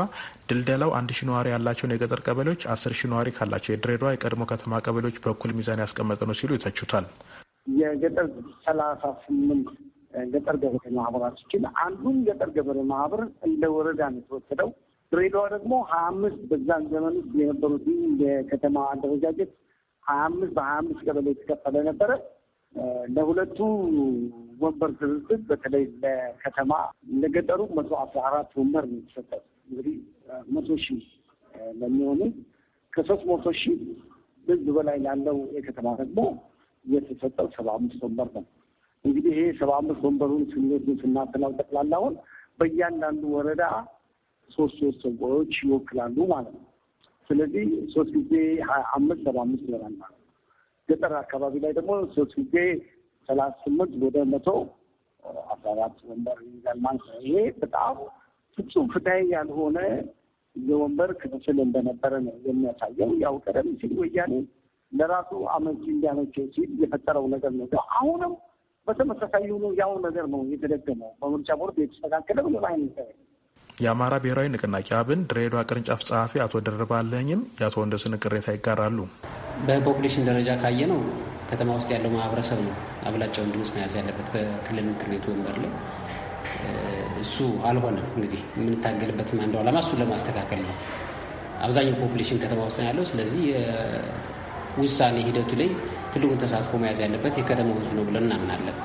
ድልደላው አንድ ሺ ነዋሪ ያላቸውን የገጠር ቀበሌዎች አስር ሺ ነዋሪ ካላቸው የድሬዳዋ የቀድሞ ከተማ ቀበሌዎች በኩል ሚዛን ያስቀመጠ ነው ሲሉ ይተቹታል። የገጠር ሰላሳ ስምንት ገጠር ገበሬ ማህበራቶችን አንዱን ገጠር ገበሬ ማህበር እንደ ወረዳ ነው የተወሰደው። ድሬዳዋ ደግሞ ሀያ አምስት በዛን ዘመን ውስጥ የነበሩትን የከተማ አደረጃጀት ሀያ አምስት በሀያ አምስት ቀበሌ የተከፈለ ነበረ። ለሁለቱ ወንበር ስብስብ በተለይ ለከተማ ለገጠሩ መቶ አስራ አራት ወንበር ነው የተሰጠው። እንግዲህ መቶ ሺህ ለሚሆኑ ከሶስት መቶ ሺህ ህዝብ በላይ ላለው የከተማ ደግሞ የተሰጠው ሰባ አምስት ወንበር ነው። እንግዲህ ይሄ ሰባ አምስት ወንበሩን ስንወዱ ስናስላው ጠቅላላውን በእያንዳንዱ ወረዳ ሶስት ሶስት ሰዎች ይወክላሉ ማለት ነው። ስለዚህ ሶስት ጊዜ ሀያ አምስት ሰባ አምስት ይሆናል ማለት ነው። ገጠር አካባቢ ላይ ደግሞ ሶስት ጊዜ ሰላሳ ስምንት ወደ መቶ አስራ አራት ወንበር ይይዛል ማለት ነው። ይሄ በጣም ፍጹም ፍትሐዊ ያልሆነ የወንበር ክፍፍል እንደነበረ ነው የሚያሳየው። ያው ቀደም ሲል ወያኔ ለራሱ አመቺ እንዲያመቸው ሲል የፈጠረው ነገር ነው። አሁንም በተመሳሳይ ሆኖ ያው ነገር ነው የተደገመው። በምርጫ ቦርድ የተስተካከለ ምንም አይነት የአማራ ብሔራዊ ንቅናቄ አብን ድሬዳዋ ቅርንጫፍ ጸሐፊ አቶ ደርባለኝም የአቶ ወንደስን ቅሬታ ይጋራሉ። በፖፕሌሽን ደረጃ ካየ ነው ከተማ ውስጥ ያለው ማህበረሰብ ነው አብላጫውን ድምፅ መያዝ ያለበት በክልል ምክር ቤቱ ወንበር ላይ እሱ አልሆነም። እንግዲህ የምንታገልበትም አንዱ ዓላማ እሱን ለማስተካከል ነው። አብዛኛው ፖፕሌሽን ከተማ ውስጥ ያለው ስለዚህ ውሳኔ ሂደቱ ላይ ትልቁን ተሳትፎ መያዝ ያለበት የከተማው ህዝብ ነው ብለን እናምናለን።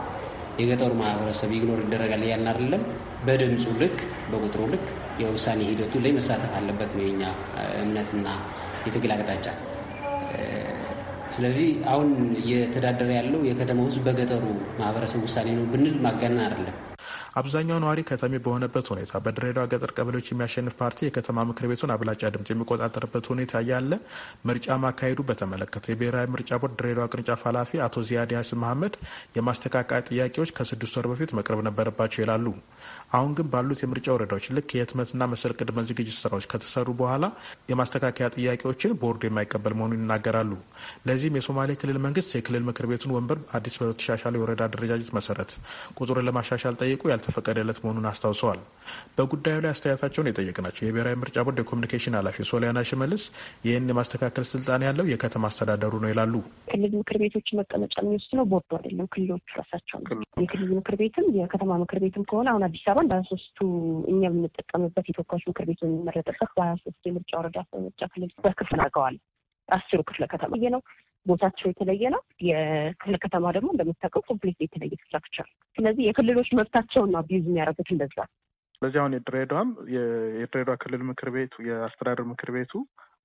የገጠሩ ማህበረሰብ ይግኖር ይደረጋል እያልን አይደለም። በድምፁ ልክ በቁጥሩ ልክ የውሳኔ ሂደቱ ላይ መሳተፍ አለበት ነው የኛ እምነትና የትግል አቅጣጫ። ስለዚህ አሁን እየተዳደረ ያለው የከተማ ውስጥ በገጠሩ ማህበረሰብ ውሳኔ ነው ብንል ማጋነን አይደለም። አብዛኛው ነዋሪ ከተሜ በሆነበት ሁኔታ በድሬዳዋ ገጠር ቀበሌዎች የሚያሸንፍ ፓርቲ የከተማ ምክር ቤቱን አብላጫ ድምጽ የሚቆጣጠርበት ሁኔታ ያለ ምርጫ ማካሄዱ በተመለከተ የብሔራዊ ምርጫ ቦርድ ድሬዳዋ ቅርንጫፍ ኃላፊ አቶ ዚያድ ያስ መሐመድ የማስተካከያ ጥያቄዎች ከስድስት ወር በፊት መቅረብ ነበረባቸው ይላሉ። አሁን ግን ባሉት የምርጫ ወረዳዎች ልክ የህትመትና መሰል ቅድመ ዝግጅት ስራዎች ከተሰሩ በኋላ የማስተካከያ ጥያቄዎችን ቦርዱ የማይቀበል መሆኑን ይናገራሉ። ለዚህም የሶማሌ ክልል መንግስት የክልል ምክር ቤቱን ወንበር አዲስ በተሻሻለ የወረዳ አደረጃጀት መሰረት ቁጥሩን ለማሻሻል ጠይቁ ያልተፈቀደለት መሆኑን አስታውሰዋል። በጉዳዩ ላይ አስተያየታቸውን የጠየቅናቸው የብሔራዊ ምርጫ ቦርድ የኮሚኒኬሽን ኃላፊ ሶሊያና ሽመልስ ይህን የማስተካከል ስልጣን ያለው የከተማ አስተዳደሩ ነው ይላሉ። ክልል ምክር ቤቶች መቀመጫ የሚወስነው ቦርዱ አይደለም፣ ክልሎቹ ራሳቸው ነው። የክልል ምክር ቤትም የከተማ ምክር ቤትም ከሆነ አሁን አዲስ አበባ ሲሆን በሀያ እኛ የምንጠቀምበት የተወካዮች ምክር ቤት የሚመረጥበት በሀያ ሶስቱ የምርጫ ወረዳ በምርጫ ክልል በክፍል አድርገዋል። አስሩ ክፍለ ከተማ የ ነው። ቦታቸው የተለየ ነው። የክፍለ ከተማ ደግሞ እንደምታውቀው ኮምፕሊት የተለየ ስትራክቸር። ስለዚህ የክልሎች መብታቸውን ነው አቢዩዝ የሚያደርጉት እንደዛ። ስለዚህ አሁን የድሬዳዋም የድሬዳዋ ክልል ምክር ቤቱ የአስተዳደር ምክር ቤቱ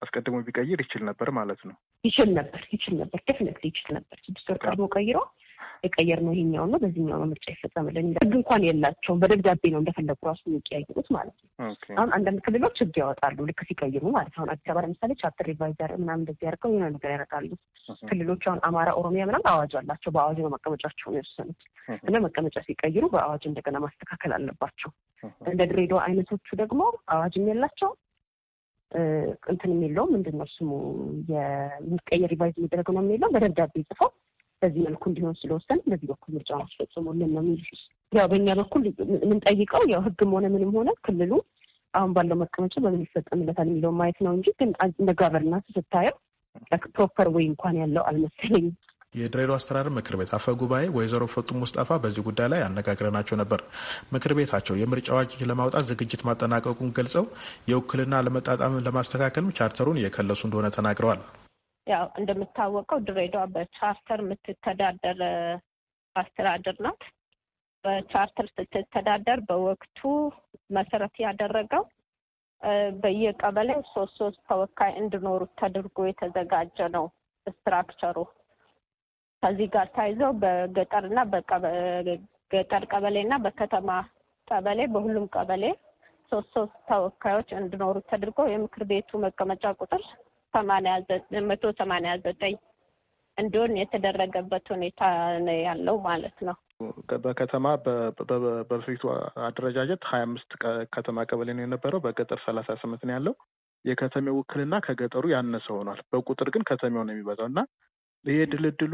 አስቀድሞ ቢቀይር ይችል ነበር ማለት ነው። ይችል ነበር ይችል ነበር ደፍነት ይችል ነበር። ስድስት ወር ቀድሞ ቀይሮ የቀየር ነው ይሄኛው ነው በዚህኛው ነው ምርጫ ይፈጸምልን ህግ እንኳን የላቸውም። በደብዳቤ ነው እንደፈለጉ ራሱ የሚቀያየሩት ማለት ነው። አሁን አንዳንድ ክልሎች ህግ ያወጣሉ ልክ ሲቀይሩ ማለት አሁን አዲስ አበባ ለምሳሌ ቻፕተር ሪቫይዘር ምናምን እንደዚህ ያደርገው የሆነ ነገር ያደርጋሉ። ክልሎች አሁን አማራ፣ ኦሮሚያ ምናምን አዋጅ አላቸው። በአዋጅ ነው መቀመጫቸውን የወሰኑት እና መቀመጫ ሲቀይሩ በአዋጅ እንደገና ማስተካከል አለባቸው። እንደ ድሬዳዋ አይነቶቹ ደግሞ አዋጅም የላቸው እንትን የሚለው ምንድን ነው ስሙ የሚቀየር ሪቫይዝ የሚደረግ ነው የሚለው በደብዳቤ ጽፈው በዚህ መልኩ እንዲሆን ስለወሰን በዚህ በኩል ምርጫውን አስፈጽሙልን ነው የሚል። ያው በእኛ በኩል የምንጠይቀው ያው ህግም ሆነ ምንም ሆነ ክልሉ አሁን ባለው መቀመጫ በምን ይፈጸምለታል የሚለው ማየት ነው እንጂ ግን እንደ ጋቨርናንስ ስታየው ፕሮፐር ወይ እንኳን ያለው አልመሰለኝም። የድሬዳዋ አስተዳደር ምክር ቤት አፈ ጉባኤ ወይዘሮ ፈጡ ሙስጣፋ በዚህ ጉዳይ ላይ አነጋግረናቸው ነበር። ምክር ቤታቸው የምርጫ አዋጅ ለማውጣት ዝግጅት ማጠናቀቁን ገልጸው የውክልና ለመጣጣም ለማስተካከልም ቻርተሩን የከለሱ እንደሆነ ተናግረዋል። ያው እንደምታወቀው ድሬዳዋ በቻርተር የምትተዳደር አስተዳደር ናት። በቻርተር ስትተዳደር በወቅቱ መሰረት ያደረገው በየቀበሌው ሶስት ሶስት ተወካይ እንዲኖሩት ተደርጎ የተዘጋጀ ነው ስትራክቸሩ። ከዚህ ጋር ታይዘው በገጠርና በገጠር ቀበሌና በከተማ ቀበሌ በሁሉም ቀበሌ ሶስት ሶስት ተወካዮች እንዲኖሩት ተደርጎ የምክር ቤቱ መቀመጫ ቁጥር መቶ ሰማንያ ዘጠኝ እንዲሆን የተደረገበት ሁኔታ ነው ያለው ማለት ነው። በከተማ በፊቱ አደረጃጀት ሀያ አምስት ከተማ ቀበሌ ነው የነበረው። በገጠር ሰላሳ ስምንት ነው ያለው። የከተሜው ውክልና ከገጠሩ ያነሰ ሆኗል። በቁጥር ግን ከተሜው ነው የሚበዛው እና ይሄ ድልድሉ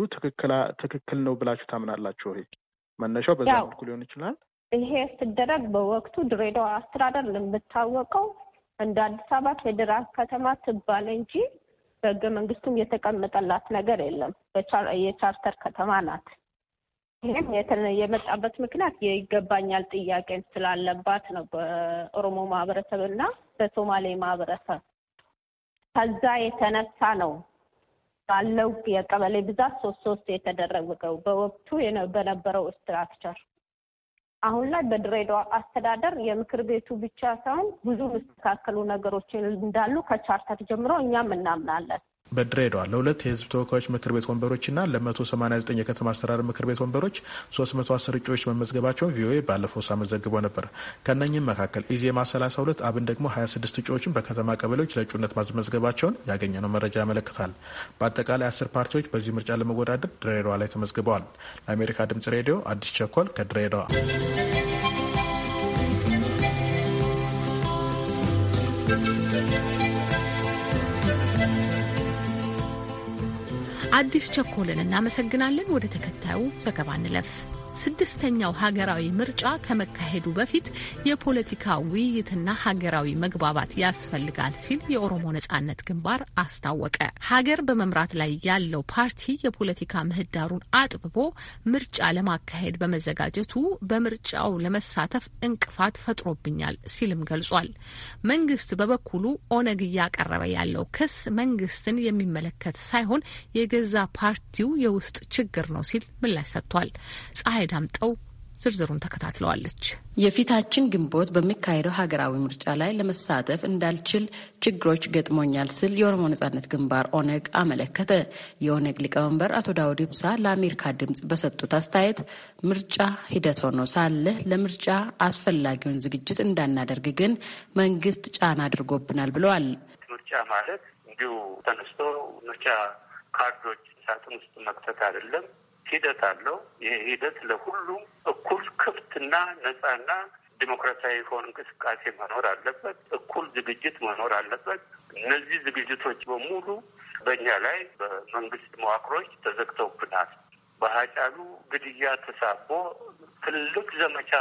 ትክክል ነው ብላችሁ ታምናላችሁ? ይሄ መነሻው በዛ መልኩ ሊሆን ይችላል። ይሄ ስደረግ በወቅቱ ድሬዳዋ አስተዳደር የምታወቀው እንደ አዲስ አበባ ፌዴራል ከተማ ትባል እንጂ በህገ መንግስቱም የተቀመጠላት ነገር የለም። የቻርተር ከተማ ናት። ይህም የመጣበት ምክንያት የይገባኛል ጥያቄን ስላለባት ነው። በኦሮሞ ማህበረሰብ እና በሶማሌ ማህበረሰብ ከዛ የተነሳ ነው ባለው የቀበሌ ብዛት ሶስት ሶስት የተደረገው በወቅቱ በነበረው ስትራክቸር አሁን ላይ በድሬዳዋ አስተዳደር የምክር ቤቱ ብቻ ሳይሆን ብዙ የሚስተካከሉ ነገሮች እንዳሉ ከቻርተር ጀምሮ እኛም እናምናለን። በድሬዳዋ ለሁለት የህዝብ ተወካዮች ምክር ቤት ወንበሮችና ለ189 የከተማ አስተዳደር ምክር ቤት ወንበሮች 310 እጩዎች መመዝገባቸውን ቪኦኤ ባለፈው ሳምንት ዘግቦ ነበር። ከእነኝም መካከል ኢዜማ 32፣ አብን ደግሞ 26 እጩዎችን በከተማ ቀበሌዎች ለእጩነት ማስመዝገባቸውን ያገኘነው መረጃ ያመለክታል። በአጠቃላይ አስር ፓርቲዎች በዚህ ምርጫ ለመወዳደር ድሬዳዋ ላይ ተመዝግበዋል። ለአሜሪካ ድምጽ ሬዲዮ አዲስ ቸኮል ከድሬዳዋ አዲስ ቸኮልን እናመሰግናለን። ወደ ተከታዩ ዘገባ እንለፍ። ስድስተኛው ሀገራዊ ምርጫ ከመካሄዱ በፊት የፖለቲካ ውይይትና ሀገራዊ መግባባት ያስፈልጋል ሲል የኦሮሞ ነጻነት ግንባር አስታወቀ። ሀገር በመምራት ላይ ያለው ፓርቲ የፖለቲካ ምህዳሩን አጥብቦ ምርጫ ለማካሄድ በመዘጋጀቱ በምርጫው ለመሳተፍ እንቅፋት ፈጥሮብኛል ሲልም ገልጿል። መንግስት በበኩሉ ኦነግ እያቀረበ ያለው ክስ መንግስትን የሚመለከት ሳይሆን የገዛ ፓርቲው የውስጥ ችግር ነው ሲል ምላሽ ሰጥቷል። ፀሐይ ፀሐይ ዳምጠው ዝርዝሩን ተከታትለዋለች። የፊታችን ግንቦት በሚካሄደው ሀገራዊ ምርጫ ላይ ለመሳተፍ እንዳልችል ችግሮች ገጥሞኛል ስል የኦሮሞ ነጻነት ግንባር ኦነግ አመለከተ። የኦነግ ሊቀመንበር አቶ ዳውድ ኢብሳ ለአሜሪካ ድምጽ በሰጡት አስተያየት ምርጫ ሂደት ሆኖ ሳለ ለምርጫ አስፈላጊውን ዝግጅት እንዳናደርግ ግን መንግስት ጫና አድርጎብናል ብለዋል። ምርጫ ማለት እንዲሁ ተነስቶ ምርጫ ካርዶች ሳጥን ውስጥ መክተት አይደለም ሂደት አለው። ይህ ሂደት ለሁሉም እኩል ክፍትና ነጻና ዲሞክራሲያዊ የሆነ እንቅስቃሴ መኖር አለበት። እኩል ዝግጅት መኖር አለበት። እነዚህ ዝግጅቶች በሙሉ በእኛ ላይ በመንግስት መዋቅሮች ተዘግተውብናል። በሀጫሉ ግድያ ተሳቦ ትልቅ ዘመቻ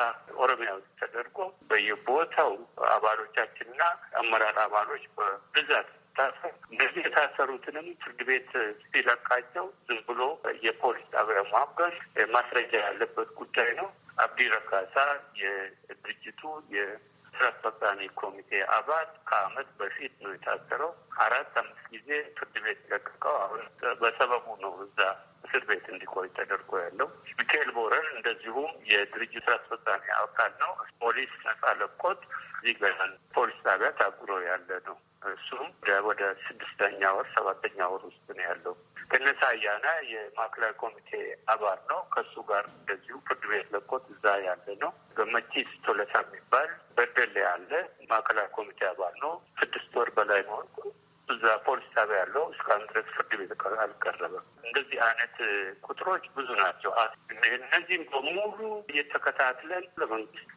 ኦሮሚያ ውስጥ ተደርጎ በየቦታው አባሎቻችንና አመራር አባሎች በብዛት እንደዚህ የታሰሩትንም ፍርድ ቤት ሲለቃቸው ዝም ብሎ የፖሊስ ጣቢያ ማፍገስ ማስረጃ ያለበት ጉዳይ ነው። አብዲ ረካሳ የድርጅቱ የስራ አስፈጻሚ ኮሚቴ አባል ከአመት በፊት ነው የታሰረው። አራት አምስት ጊዜ ፍርድ ቤት ለቀቀው። አሁን በሰበቡ ነው እዛ እስር ቤት እንዲቆይ ተደርጎ ያለው ሚካኤል ቦረር እንደዚሁም የድርጅቱ አስፈጻሚ አካል ነው። ፖሊስ ነጻ ለቆት እዚህ ፖሊስ ጣቢያ ታጉሮ ያለ ነው። እሱም ወደ ስድስተኛ ወር ሰባተኛ ወር ውስጥ ነው ያለው። ከነሳ አያና የማዕከላዊ ኮሚቴ አባል ነው። ከእሱ ጋር እንደዚሁ ፍርድ ቤት ለቆት እዛ ያለ ነው። ገመቺስ ቶለታ የሚባል በደሌ ያለ ማዕከላዊ ኮሚቴ አባል ነው። ስድስት ወር በላይ መሆን እዛ ፖሊስ ጣቢያ ያለው እስካሁን ድረስ ፍርድ ቤት አልቀረበም። እንደዚህ አይነት ቁጥሮች ብዙ ናቸው። እነዚህም በሙሉ እየተከታትለን ለመንግስት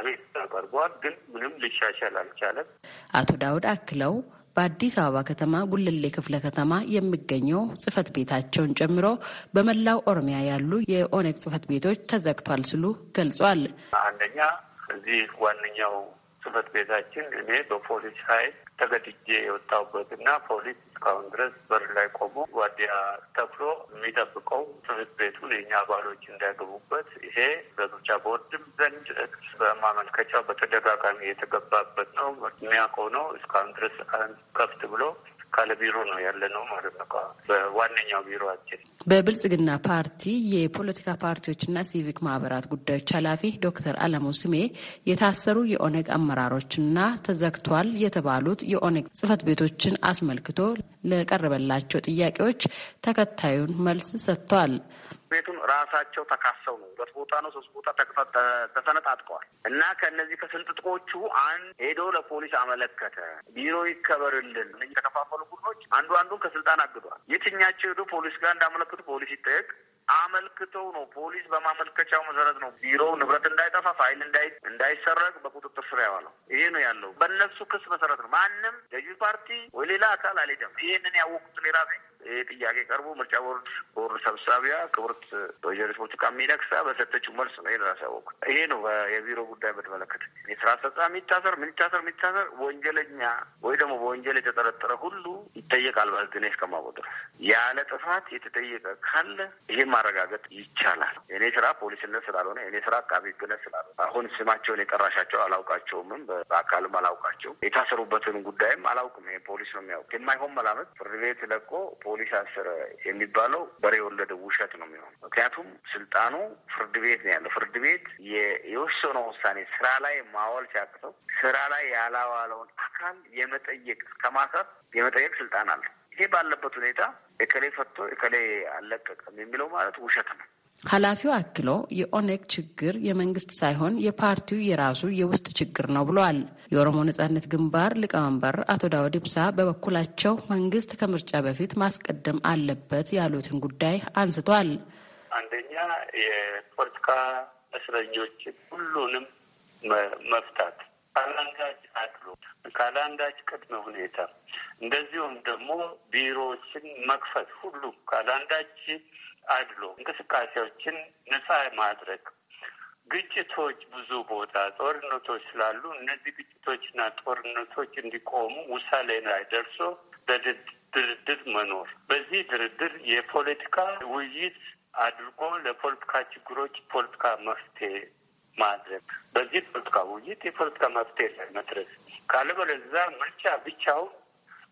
አቤት ቀርበዋል፣ ግን ምንም ሊሻሻል አልቻለም። አቶ ዳውድ አክለው በአዲስ አበባ ከተማ ጉልሌ ክፍለ ከተማ የሚገኘው ጽህፈት ቤታቸውን ጨምሮ በመላው ኦሮሚያ ያሉ የኦነግ ጽህፈት ቤቶች ተዘግቷል ሲሉ ገልጿል። አንደኛ እዚህ ዋነኛው ጽህፈት ቤታችን እኔ በፖሊስ ኃይል ተገድጄ የወጣሁበት እና ፖሊስ እስካሁን ድረስ በር ላይ ቆሞ ዋዲያ ተክሎ የሚጠብቀው ጽህፈት ቤቱን የኛ አባሎች እንዳይገቡበት ይሄ በምርጫ ቦርድም ዘንድ በማመልከቻው በተደጋጋሚ የተገባበት ነው። የሚያውቀው ነው። እስካሁን ድረስ ከፍት ብሎ የተካለ ቢሮ ነው ያለ ነው ማለት ነው። በዋነኛው ቢሮችን በብልጽግና ፓርቲ የፖለቲካ ፓርቲዎችና ሲቪክ ማህበራት ጉዳዮች ኃላፊ ዶክተር አለሙ ስሜ የታሰሩ የኦነግ አመራሮችና ተዘግቷል የተባሉት የኦነግ ጽህፈት ቤቶችን አስመልክቶ ለቀረበላቸው ጥያቄዎች ተከታዩን መልስ ሰጥቷል ቤቱን ራሳቸው ተካሰው ነው። ሁለት ቦታ ነው ሶስት ቦታ ተሰነጣጥቀዋል። እና ከእነዚህ ከስንጥጥቆቹ አንድ ሄዶ ለፖሊስ አመለከተ። ቢሮ ይከበርልን። የተከፋፈሉ ቡድኖች አንዱ አንዱን ከስልጣን አግዷል። የትኛቸው ሄዶ ፖሊስ ጋር እንዳመለክቱ ፖሊስ ይጠየቅ አመልክተው ነው ፖሊስ በማመልከቻው መሰረት ነው ቢሮው ንብረት እንዳይጠፋ ፋይል እንዳይሰረቅ በቁጥጥር ስር ያዋለው። ይሄ ነው ያለው። በእነሱ ክስ መሰረት ነው። ማንም ገዢ ፓርቲ ወይ ሌላ አካል አልሄደም። ይህንን ያወቁትን የራሴ ይህ ጥያቄ ቀርቦ ምርጫ ቦርድ ቦርድ ሰብሳቢያ ክብርት ወይዘሪት ብርቱካን ሚደቅሳ በሰጠችው መልስ ነው ይህን ያሳወቁ። ይሄ ነው የቢሮ ጉዳይ በተመለከተ የስራ አስፈጻሚ ይታሰር ምን ይታሰር ምን ይታሰር፣ ወንጀለኛ ወይ ደግሞ በወንጀል የተጠረጠረ ሁሉ ይጠየቃል ማለት ነው። እስከማወቅ ድረስ ያለ ጥፋት የተጠየቀ ካለ ይህን ማረጋገጥ ይቻላል። የእኔ ስራ ፖሊስነት ስላልሆነ የእኔ ስራ አቃቢ ህግነት ስላልሆነ አሁን ስማቸውን የጠራሻቸው አላውቃቸውምም፣ በአካልም አላውቃቸው የታሰሩበትን ጉዳይም አላውቅም። ይሄ ፖሊስ ነው የሚያውቅ። የማይሆን መላመት ፍርድ ቤት ለቆ ፖሊስ አስር የሚባለው በሬ የወለደ ውሸት ነው የሚሆነው። ምክንያቱም ስልጣኑ ፍርድ ቤት ነው ያለው። ፍርድ ቤት የወሰነው ውሳኔ ስራ ላይ ማዋል ሲያቅተው ስራ ላይ ያላዋለውን አካል የመጠየቅ ከማሰር የመጠየቅ ስልጣን አለ። ይሄ ባለበት ሁኔታ እከሌ ፈቶ እከሌ አልለቀቀም የሚለው ማለት ውሸት ነው። ኃላፊው አክሎ የኦነግ ችግር የመንግስት ሳይሆን የፓርቲው የራሱ የውስጥ ችግር ነው ብለዋል። የኦሮሞ ነጻነት ግንባር ሊቀመንበር አቶ ዳውድ ኢብሳ በበኩላቸው መንግስት ከምርጫ በፊት ማስቀደም አለበት ያሉትን ጉዳይ አንስቷል። አንደኛ የፖለቲካ እስረኞች ሁሉንም መፍታት ካላንዳች አድሎ ካላንዳች ቅድመ ሁኔታ እንደዚሁም ደግሞ ቢሮዎችን መክፈት ሁሉም ካላንዳች አድሎ እንቅስቃሴዎችን ነጻ ማድረግ ግጭቶች ብዙ ቦታ ጦርነቶች ስላሉ እነዚህ ግጭቶችና ጦርነቶች እንዲቆሙ ውሳኔ ላይ ደርሶ በድርድር መኖር በዚህ ድርድር የፖለቲካ ውይይት አድርጎ ለፖለቲካ ችግሮች ፖለቲካ መፍትሄ ማድረግ በዚህ ፖለቲካ ውይይት የፖለቲካ መፍትሄ ላይ መድረስ ካለበለዛ ምርጫ ብቻውን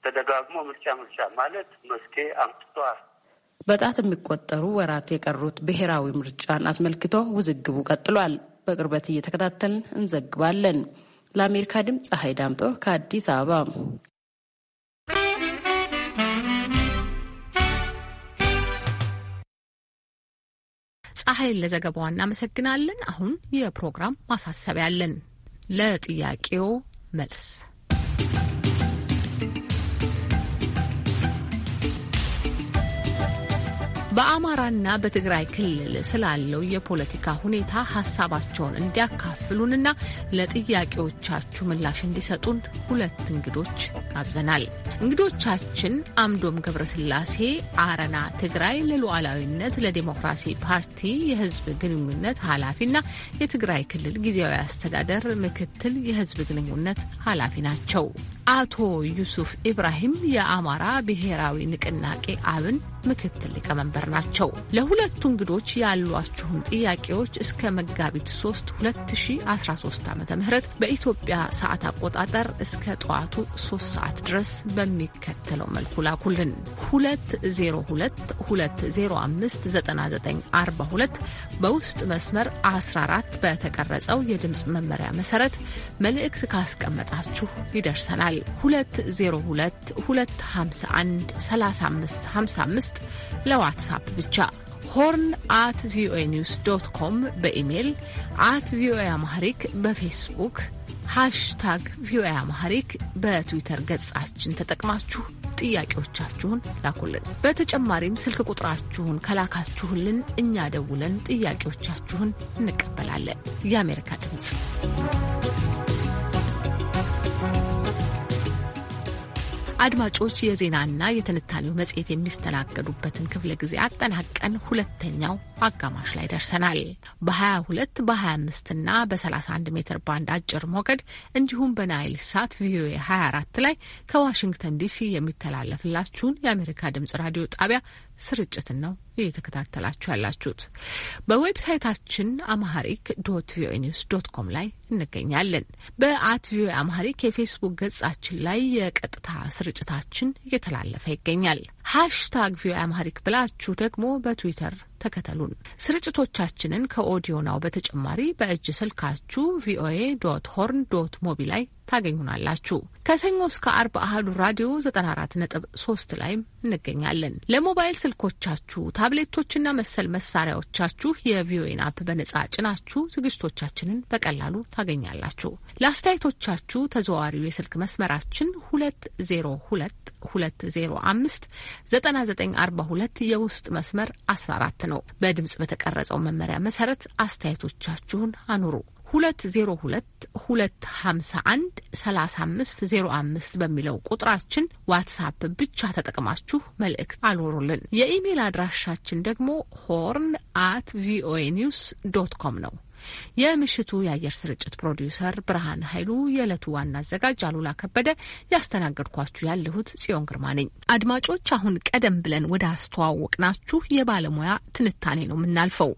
ተደጋግሞ ምርጫ ምርጫ ማለት መፍትሄ አምጥቶ በጣት የሚቆጠሩ ወራት የቀሩት ብሔራዊ ምርጫን አስመልክቶ ውዝግቡ ቀጥሏል። በቅርበት እየተከታተልን እንዘግባለን። ለአሜሪካ ድምፅ ፀሐይ ዳምጦ ከአዲስ አበባ። ፀሐይን ለዘገባዋ እናመሰግናለን። አሁን የፕሮግራም ማሳሰቢያ አለን። ለጥያቄው መልስ በአማራና በትግራይ ክልል ስላለው የፖለቲካ ሁኔታ ሀሳባቸውን እንዲያካፍሉንና ለጥያቄዎቻችሁ ምላሽ እንዲሰጡን ሁለት እንግዶች ጋብዘናል። እንግዶቻችን አምዶም ገብረስላሴ አረና ትግራይ ለሉዓላዊነት ለዲሞክራሲ ፓርቲ የህዝብ ግንኙነት ኃላፊና የትግራይ ክልል ጊዜያዊ አስተዳደር ምክትል የህዝብ ግንኙነት ኃላፊ ናቸው። አቶ ዩሱፍ ኢብራሂም የአማራ ብሔራዊ ንቅናቄ አብን ምክትል ሊቀመንበር ናቸው። ለሁለቱ እንግዶች ያሏችሁን ጥያቄዎች እስከ መጋቢት 3 2013 ዓ ም በኢትዮጵያ ሰዓት አቆጣጠር እስከ ጠዋቱ 3 ሰዓት ድረስ በሚከተለው መልኩ ላኩልን 2022059942 በውስጥ መስመር 14 በተቀረጸው የድምፅ መመሪያ መሰረት መልእክት ካስቀመጣችሁ ይደርሰናል። 2022513555 ለዋትሳፕ ብቻ ሆርን አት ቪኦኤ ኒውስ ዶት ኮም በኢሜይል አት ቪኦኤ አማህሪክ በፌስቡክ ሃሽታግ ቪኦኤ አማህሪክ በትዊተር ገጻችን ተጠቅማችሁ ጥያቄዎቻችሁን ላኩልን። በተጨማሪም ስልክ ቁጥራችሁን ከላካችሁልን እኛ ደውለን ጥያቄዎቻችሁን እንቀበላለን። የአሜሪካ ድምፅ አድማጮች፣ የዜናና የትንታኔው መጽሔት የሚስተናገዱበትን ክፍለ ጊዜ አጠናቀን ሁለተኛው አጋማሽ ላይ ደርሰናል። በ22 በ25 እና በ31 ሜትር ባንድ አጭር ሞገድ እንዲሁም በናይል ሳት ቪኦኤ 24 ላይ ከዋሽንግተን ዲሲ የሚተላለፍላችሁን የአሜሪካ ድምጽ ራዲዮ ጣቢያ ስርጭትን ነው እየተከታተላችሁ ያላችሁት። በዌብሳይታችን አማሐሪክ ዶት ቪኦኤ ኒውስ ዶት ኮም ላይ እንገኛለን። በአት ቪኦኤ አማሐሪክ የፌስቡክ ገጻችን ላይ የቀጥታ ስርጭታችን እየተላለፈ ይገኛል። ሃሽታግ ቪኦኤ አማሐሪክ ብላችሁ ደግሞ በትዊተር ተከተሉን። ስርጭቶቻችንን ከኦዲዮ ናው በተጨማሪ በእጅ ስልካችሁ ቪኦኤ ዶት ሆርን ዶት ሞቢ ላይ ታገኙናላችሁ። ከሰኞ እስከ አርብ አህዱ ራዲዮ 94.3 ላይም እንገኛለን። ለሞባይል ስልኮቻችሁ ታብሌቶችና መሰል መሳሪያዎቻችሁ የቪኦኤን አፕ በነጻ ጭናችሁ ዝግጅቶቻችንን በቀላሉ ታገኛላችሁ። ለአስተያየቶቻችሁ ተዘዋዋሪው የስልክ መስመራችን 202 205 የውስጥ መስመር 14 ነው። በድምጽ በተቀረጸው መመሪያ መሰረት አስተያየቶቻችሁን አኑሩ። 2022513505 በሚለው ቁጥራችን ዋትሳፕ ብቻ ተጠቅማችሁ መልእክት አልወሩልን። የኢሜል አድራሻችን ደግሞ ሆርን አት ቪኦኤ ኒውስ ዶት ኮም ነው። የምሽቱ የአየር ስርጭት ፕሮዲውሰር ብርሃን ኃይሉ፣ የዕለቱ ዋና አዘጋጅ አሉላ ከበደ፣ ያስተናገድኳችሁ ያለሁት ጽዮን ግርማ ነኝ። አድማጮች፣ አሁን ቀደም ብለን ወደ አስተዋወቅናችሁ የባለሙያ ትንታኔ ነው የምናልፈው።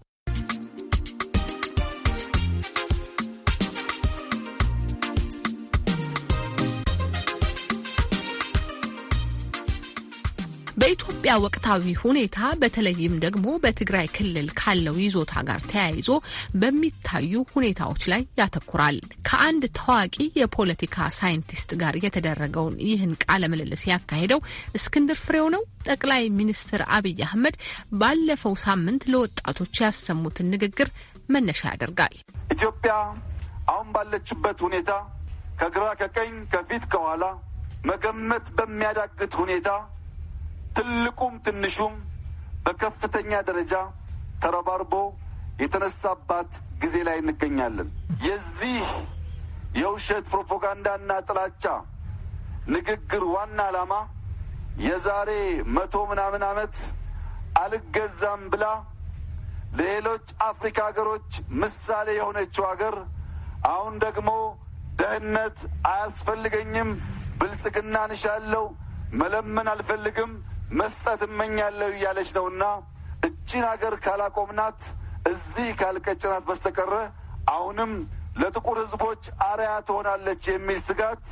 በኢትዮጵያ ወቅታዊ ሁኔታ በተለይም ደግሞ በትግራይ ክልል ካለው ይዞታ ጋር ተያይዞ በሚታዩ ሁኔታዎች ላይ ያተኩራል። ከአንድ ታዋቂ የፖለቲካ ሳይንቲስት ጋር የተደረገውን ይህን ቃለ ምልልስ ያካሄደው እስክንድር ፍሬው ነው። ጠቅላይ ሚኒስትር አብይ አህመድ ባለፈው ሳምንት ለወጣቶች ያሰሙትን ንግግር መነሻ ያደርጋል። ኢትዮጵያ አሁን ባለችበት ሁኔታ ከግራ ከቀኝ ከፊት ከኋላ መገመት በሚያዳግት ሁኔታ ትልቁም ትንሹም በከፍተኛ ደረጃ ተረባርቦ የተነሳባት ጊዜ ላይ እንገኛለን። የዚህ የውሸት ፕሮፓጋንዳና ጥላቻ ንግግር ዋና ዓላማ የዛሬ መቶ ምናምን ዓመት አልገዛም ብላ ለሌሎች አፍሪካ ሀገሮች ምሳሌ የሆነችው ሀገር አሁን ደግሞ ደህንነት አያስፈልገኝም፣ ብልጽግና እንሻለው፣ መለመን አልፈልግም መስጠት እመኛለሁ እያለች ነውና እጅን አገር ካላቆምናት እዚህ ካልቀጭናት በስተቀረ አሁንም ለጥቁር ሕዝቦች አርያ ትሆናለች የሚል ስጋት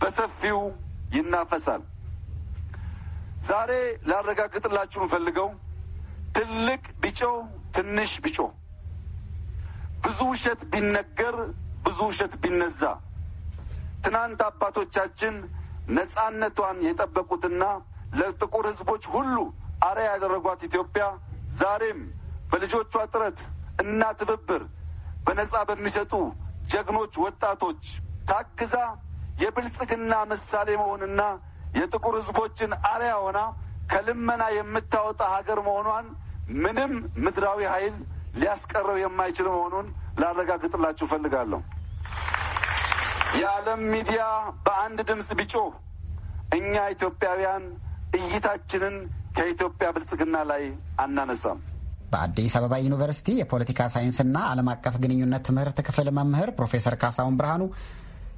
በሰፊው ይናፈሳል። ዛሬ ላረጋግጥላችሁ የምፈልገው ትልቅ ቢጮ ትንሽ ቢጮ ብዙ ውሸት ቢነገር ብዙ ውሸት ቢነዛ፣ ትናንት አባቶቻችን ነፃነቷን የጠበቁትና ለጥቁር ህዝቦች ሁሉ አርአያ ያደረጓት ኢትዮጵያ ዛሬም በልጆቿ ጥረት እና ትብብር በነጻ በሚሰጡ ጀግኖች ወጣቶች ታግዛ የብልጽግና ምሳሌ መሆንና የጥቁር ህዝቦችን አርአያ ሆና ከልመና የምታወጣ ሀገር መሆኗን ምንም ምድራዊ ኃይል ሊያስቀረው የማይችል መሆኑን ላረጋግጥላችሁ እፈልጋለሁ። የዓለም ሚዲያ በአንድ ድምፅ ቢጮህ እኛ ኢትዮጵያውያን እይታችንን ከኢትዮጵያ ብልጽግና ላይ አናነሳም። በአዲስ አበባ ዩኒቨርሲቲ የፖለቲካ ሳይንስና ዓለም አቀፍ ግንኙነት ትምህርት ክፍል መምህር ፕሮፌሰር ካሳሁን ብርሃኑ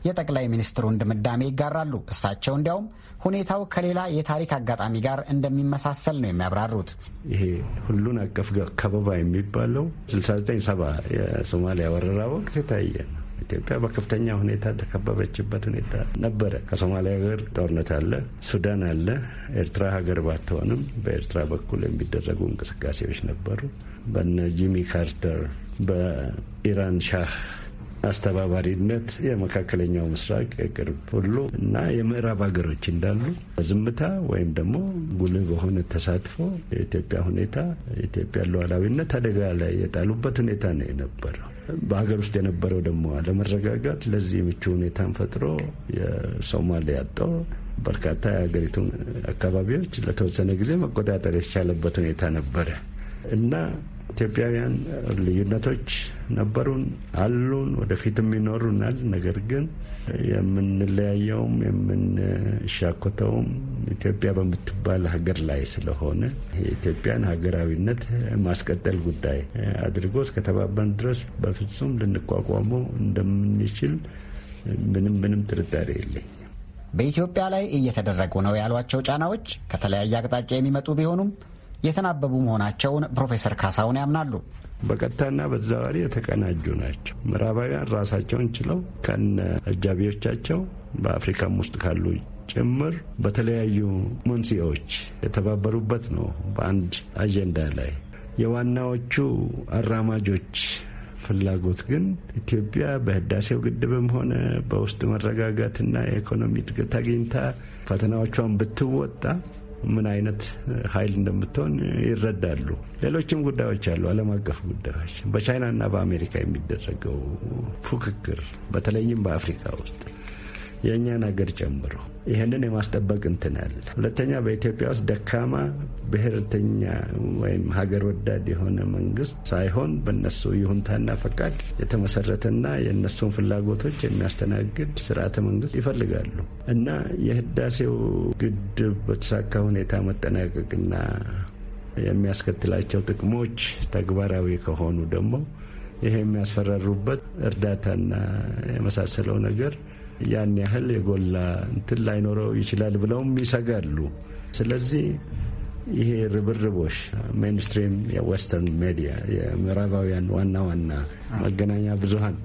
የጠቅላይ ሚኒስትሩን ድምዳሜ ይጋራሉ። እሳቸው እንዲያውም ሁኔታው ከሌላ የታሪክ አጋጣሚ ጋር እንደሚመሳሰል ነው የሚያብራሩት። ይሄ ሁሉን አቀፍ ከበባ የሚባለው 69 ሰባ የሶማሊያ ወረራ ወቅት የታየ ነው። ኢትዮጵያ በከፍተኛ ሁኔታ ተከበበችበት ሁኔታ ነበረ። ከሶማሊያ ሀገር ጦርነት አለ፣ ሱዳን አለ። ኤርትራ ሀገር ባትሆንም በኤርትራ በኩል የሚደረጉ እንቅስቃሴዎች ነበሩ። በነ ጂሚ ካርተር በኢራን ሻህ አስተባባሪነት የመካከለኛው ምስራቅ የቅርብ ሁሉ እና የምዕራብ ሀገሮች እንዳሉ በዝምታ ወይም ደግሞ ጉልህ በሆነ ተሳትፎ የኢትዮጵያ ሁኔታ የኢትዮጵያ ሉዓላዊነት አደጋ ላይ የጣሉበት ሁኔታ ነው የነበረው። በሀገር ውስጥ የነበረው ደግሞ አለመረጋጋት ለዚህ ምቹ ሁኔታን ፈጥሮ የሶማሌ ያጣው በርካታ የሀገሪቱን አካባቢዎች ለተወሰነ ጊዜ መቆጣጠር የተቻለበት ሁኔታ ነበረ እና ኢትዮጵያውያን ልዩነቶች ነበሩን፣ አሉን፣ ወደፊትም ይኖሩናል። ነገር ግን የምንለያየውም የምንሻኮተውም ኢትዮጵያ በምትባል ሀገር ላይ ስለሆነ የኢትዮጵያን ሀገራዊነት ማስቀጠል ጉዳይ አድርጎ እስከተባበን ድረስ በፍጹም ልንቋቋመው እንደምንችል ምንም ምንም ጥርጣሬ የለኝ። በኢትዮጵያ ላይ እየተደረጉ ነው ያሏቸው ጫናዎች ከተለያየ አቅጣጫ የሚመጡ ቢሆኑም የተናበቡ መሆናቸውን ፕሮፌሰር ካሳሁን ያምናሉ። በቀጥታና በተዘዋዋሪ የተቀናጁ ናቸው። ምዕራባውያን ራሳቸውን ችለው ከነ አጃቢዎቻቸው በአፍሪካም ውስጥ ካሉ ጭምር በተለያዩ መንስኤዎች የተባበሩበት ነው። በአንድ አጀንዳ ላይ የዋናዎቹ አራማጆች ፍላጎት ግን ኢትዮጵያ በህዳሴው ግድብም ሆነ በውስጥ መረጋጋትና የኢኮኖሚ እድገት አግኝታ ፈተናዎቿን ብትወጣ ምን አይነት ኃይል እንደምትሆን ይረዳሉ። ሌሎችም ጉዳዮች አሉ። ዓለም አቀፍ ጉዳዮች በቻይናና በአሜሪካ የሚደረገው ፉክክር በተለይም በአፍሪካ ውስጥ የእኛን ሀገር ጨምሮ ይህንን የማስጠበቅ እንትን አለ። ሁለተኛ በኢትዮጵያ ውስጥ ደካማ ብሔርተኛ ወይም ሀገር ወዳድ የሆነ መንግስት ሳይሆን በነሱ ይሁንታና ፈቃድ የተመሰረተና የእነሱን ፍላጎቶች የሚያስተናግድ ስርዓተ መንግስት ይፈልጋሉ እና የህዳሴው ግድብ በተሳካ ሁኔታ መጠናቀቅና የሚያስከትላቸው ጥቅሞች ተግባራዊ ከሆኑ ደግሞ ይሄ የሚያስፈራሩበት እርዳታና የመሳሰለው ነገር ያን ያህል የጎላ እንትን ላይኖረው ይችላል ብለውም ይሰጋሉ። ስለዚህ ይሄ ርብርቦሽ ሜንስትሪም የዌስተርን ሜዲያ የምዕራባውያን ዋና ዋና መገናኛ ብዙሃን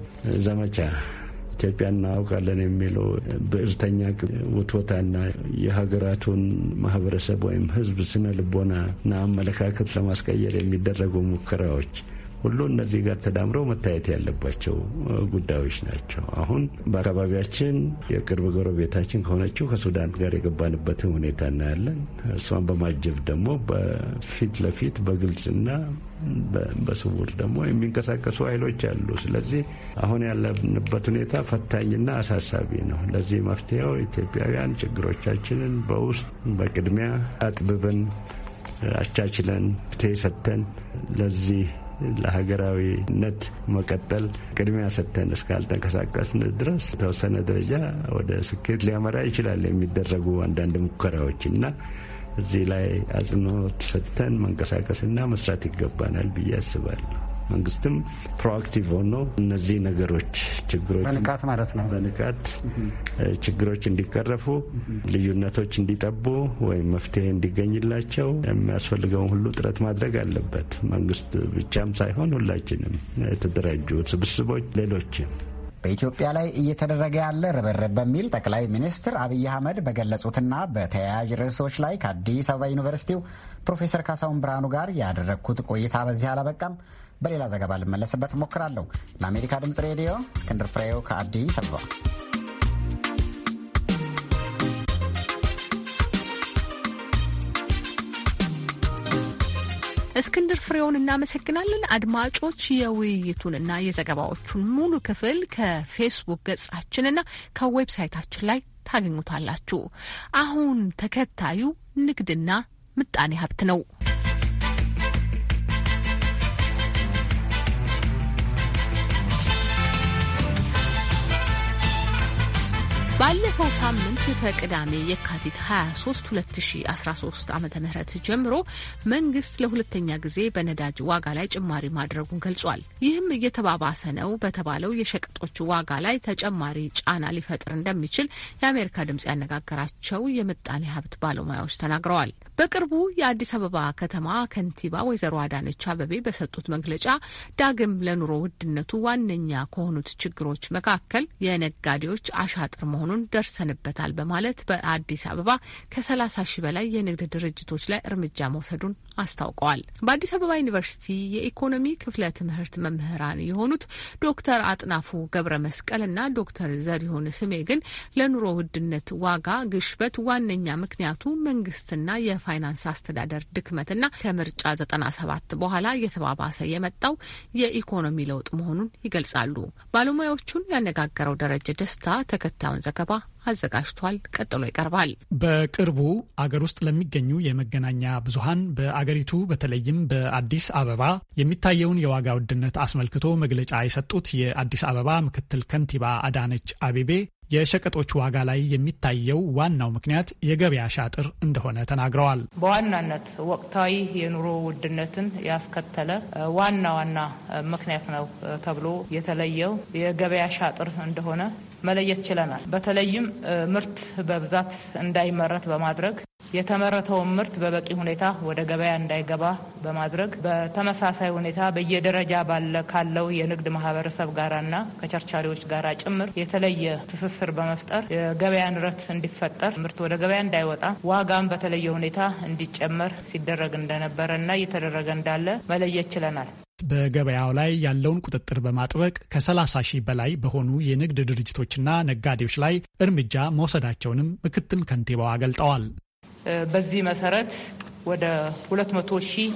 ዘመቻ ኢትዮጵያ እናውቃለን የሚሉ ብዕርተኛ ውትወታና የሀገራቱን ማህበረሰብ ወይም ህዝብ ስነ ልቦናና አመለካከት ለማስቀየር የሚደረጉ ሙከራዎች ሁሉ እነዚህ ጋር ተዳምረው መታየት ያለባቸው ጉዳዮች ናቸው። አሁን በአካባቢያችን የቅርብ ጎረቤታችን ከሆነችው ከሱዳን ጋር የገባንበትን ሁኔታ እናያለን። እሷን በማጀብ ደግሞ በፊት ለፊት በግልጽና በስውር ደግሞ የሚንቀሳቀሱ ኃይሎች አሉ። ስለዚህ አሁን ያለንበት ሁኔታ ፈታኝና አሳሳቢ ነው። ለዚህ መፍትሄው ኢትዮጵያውያን ችግሮቻችንን በውስጥ በቅድሚያ አጥብበን አቻችለን ፍትሄ ሰጥተን ለዚህ ለሀገራዊነት መቀጠል ቅድሚያ ሰጥተን እስካልተንቀሳቀስን ድረስ ተወሰነ ደረጃ ወደ ስኬት ሊያመራ ይችላል የሚደረጉ አንዳንድ ሙከራዎች እና እዚህ ላይ አጽንኦት ሰጥተን መንቀሳቀስና መስራት ይገባናል ብዬ አስባለሁ። መንግስትም ፕሮአክቲቭ ሆኖ እነዚህ ነገሮች ችግሮች በንቃት ማለት ነው በንቃት ችግሮች እንዲቀረፉ፣ ልዩነቶች እንዲጠቡ ወይም መፍትሄ እንዲገኝላቸው የሚያስፈልገውን ሁሉ ጥረት ማድረግ አለበት። መንግስት ብቻም ሳይሆን ሁላችንም የተደራጁ ስብስቦች፣ ሌሎችም በኢትዮጵያ ላይ እየተደረገ ያለ ርብርብ በሚል ጠቅላይ ሚኒስትር አብይ አህመድ በገለጹትና በተያያዥ ርዕሶች ላይ ከአዲስ አበባ ዩኒቨርሲቲው ፕሮፌሰር ካሳሁን ብርሃኑ ጋር ያደረግኩት ቆይታ በዚህ አላበቃም። በሌላ ዘገባ ልመለስበት ሞክራለሁ። ለአሜሪካ ድምፅ ሬዲዮ እስክንድር ፍሬው ከአዲስ አበባ። እስክንድር ፍሬውን እናመሰግናለን። አድማጮች የውይይቱንና የዘገባዎቹን ሙሉ ክፍል ከፌስቡክ ገጻችንና ከዌብሳይታችን ላይ ታገኙታላችሁ። አሁን ተከታዩ ንግድና ምጣኔ ሀብት ነው። ባለፈው ሳምንት ከቅዳሜ የካቲት 23 2013 ዓ ም ጀምሮ መንግስት ለሁለተኛ ጊዜ በነዳጅ ዋጋ ላይ ጭማሪ ማድረጉን ገልጿል። ይህም እየተባባሰ ነው በተባለው የሸቀጦች ዋጋ ላይ ተጨማሪ ጫና ሊፈጥር እንደሚችል የአሜሪካ ድምጽ ያነጋገራቸው የምጣኔ ሀብት ባለሙያዎች ተናግረዋል። በቅርቡ የአዲስ አበባ ከተማ ከንቲባ ወይዘሮ አዳነች አበቤ በሰጡት መግለጫ ዳግም ለኑሮ ውድነቱ ዋነኛ ከሆኑት ችግሮች መካከል የነጋዴዎች አሻጥር መሆኑን ደርሰንበታል በማለት በአዲስ አበባ ከ30 ሺህ በላይ የንግድ ድርጅቶች ላይ እርምጃ መውሰዱን አስታውቀዋል። በአዲስ አበባ ዩኒቨርሲቲ የኢኮኖሚ ክፍለ ትምህርት መምህራን የሆኑት ዶክተር አጥናፉ ገብረ መስቀል እና ዶክተር ዘሪሁን ስሜ ግን ለኑሮ ውድነት ዋጋ ግሽበት ዋነኛ ምክንያቱ መንግስትና የፋ የፋይናንስ አስተዳደር ድክመት እና ከምርጫ 97 በኋላ እየተባባሰ የመጣው የኢኮኖሚ ለውጥ መሆኑን ይገልጻሉ። ባለሙያዎቹን ያነጋገረው ደረጀ ደስታ ተከታዩን ዘገባ አዘጋጅቷል። ቀጥሎ ይቀርባል። በቅርቡ አገር ውስጥ ለሚገኙ የመገናኛ ብዙሃን በአገሪቱ በተለይም በአዲስ አበባ የሚታየውን የዋጋ ውድነት አስመልክቶ መግለጫ የሰጡት የአዲስ አበባ ምክትል ከንቲባ አዳነች አቤቤ የሸቀጦች ዋጋ ላይ የሚታየው ዋናው ምክንያት የገበያ ሻጥር እንደሆነ ተናግረዋል። በዋናነት ወቅታዊ የኑሮ ውድነትን ያስከተለ ዋና ዋና ምክንያት ነው ተብሎ የተለየው የገበያ ሻጥር እንደሆነ መለየት ችለናል። በተለይም ምርት በብዛት እንዳይመረት በማድረግ የተመረተውን ምርት በበቂ ሁኔታ ወደ ገበያ እንዳይገባ በማድረግ በተመሳሳይ ሁኔታ በየደረጃ ባለ ካለው የንግድ ማህበረሰብ ጋራና ከቸርቻሪዎች ጋራ ጭምር የተለየ ትስስር በመፍጠር የገበያ ንረት እንዲፈጠር ምርት ወደ ገበያ እንዳይወጣ ዋጋም በተለየ ሁኔታ እንዲጨመር ሲደረግ እንደነበረ እና እየተደረገ እንዳለ መለየት ችለናል። በገበያው ላይ ያለውን ቁጥጥር በማጥበቅ ከ30 ሺህ በላይ በሆኑ የንግድ ድርጅቶችና ነጋዴዎች ላይ እርምጃ መውሰዳቸውንም ምክትል ከንቲባዋ ገልጠዋል። በዚህ መሰረት ወደ 200 ሺህ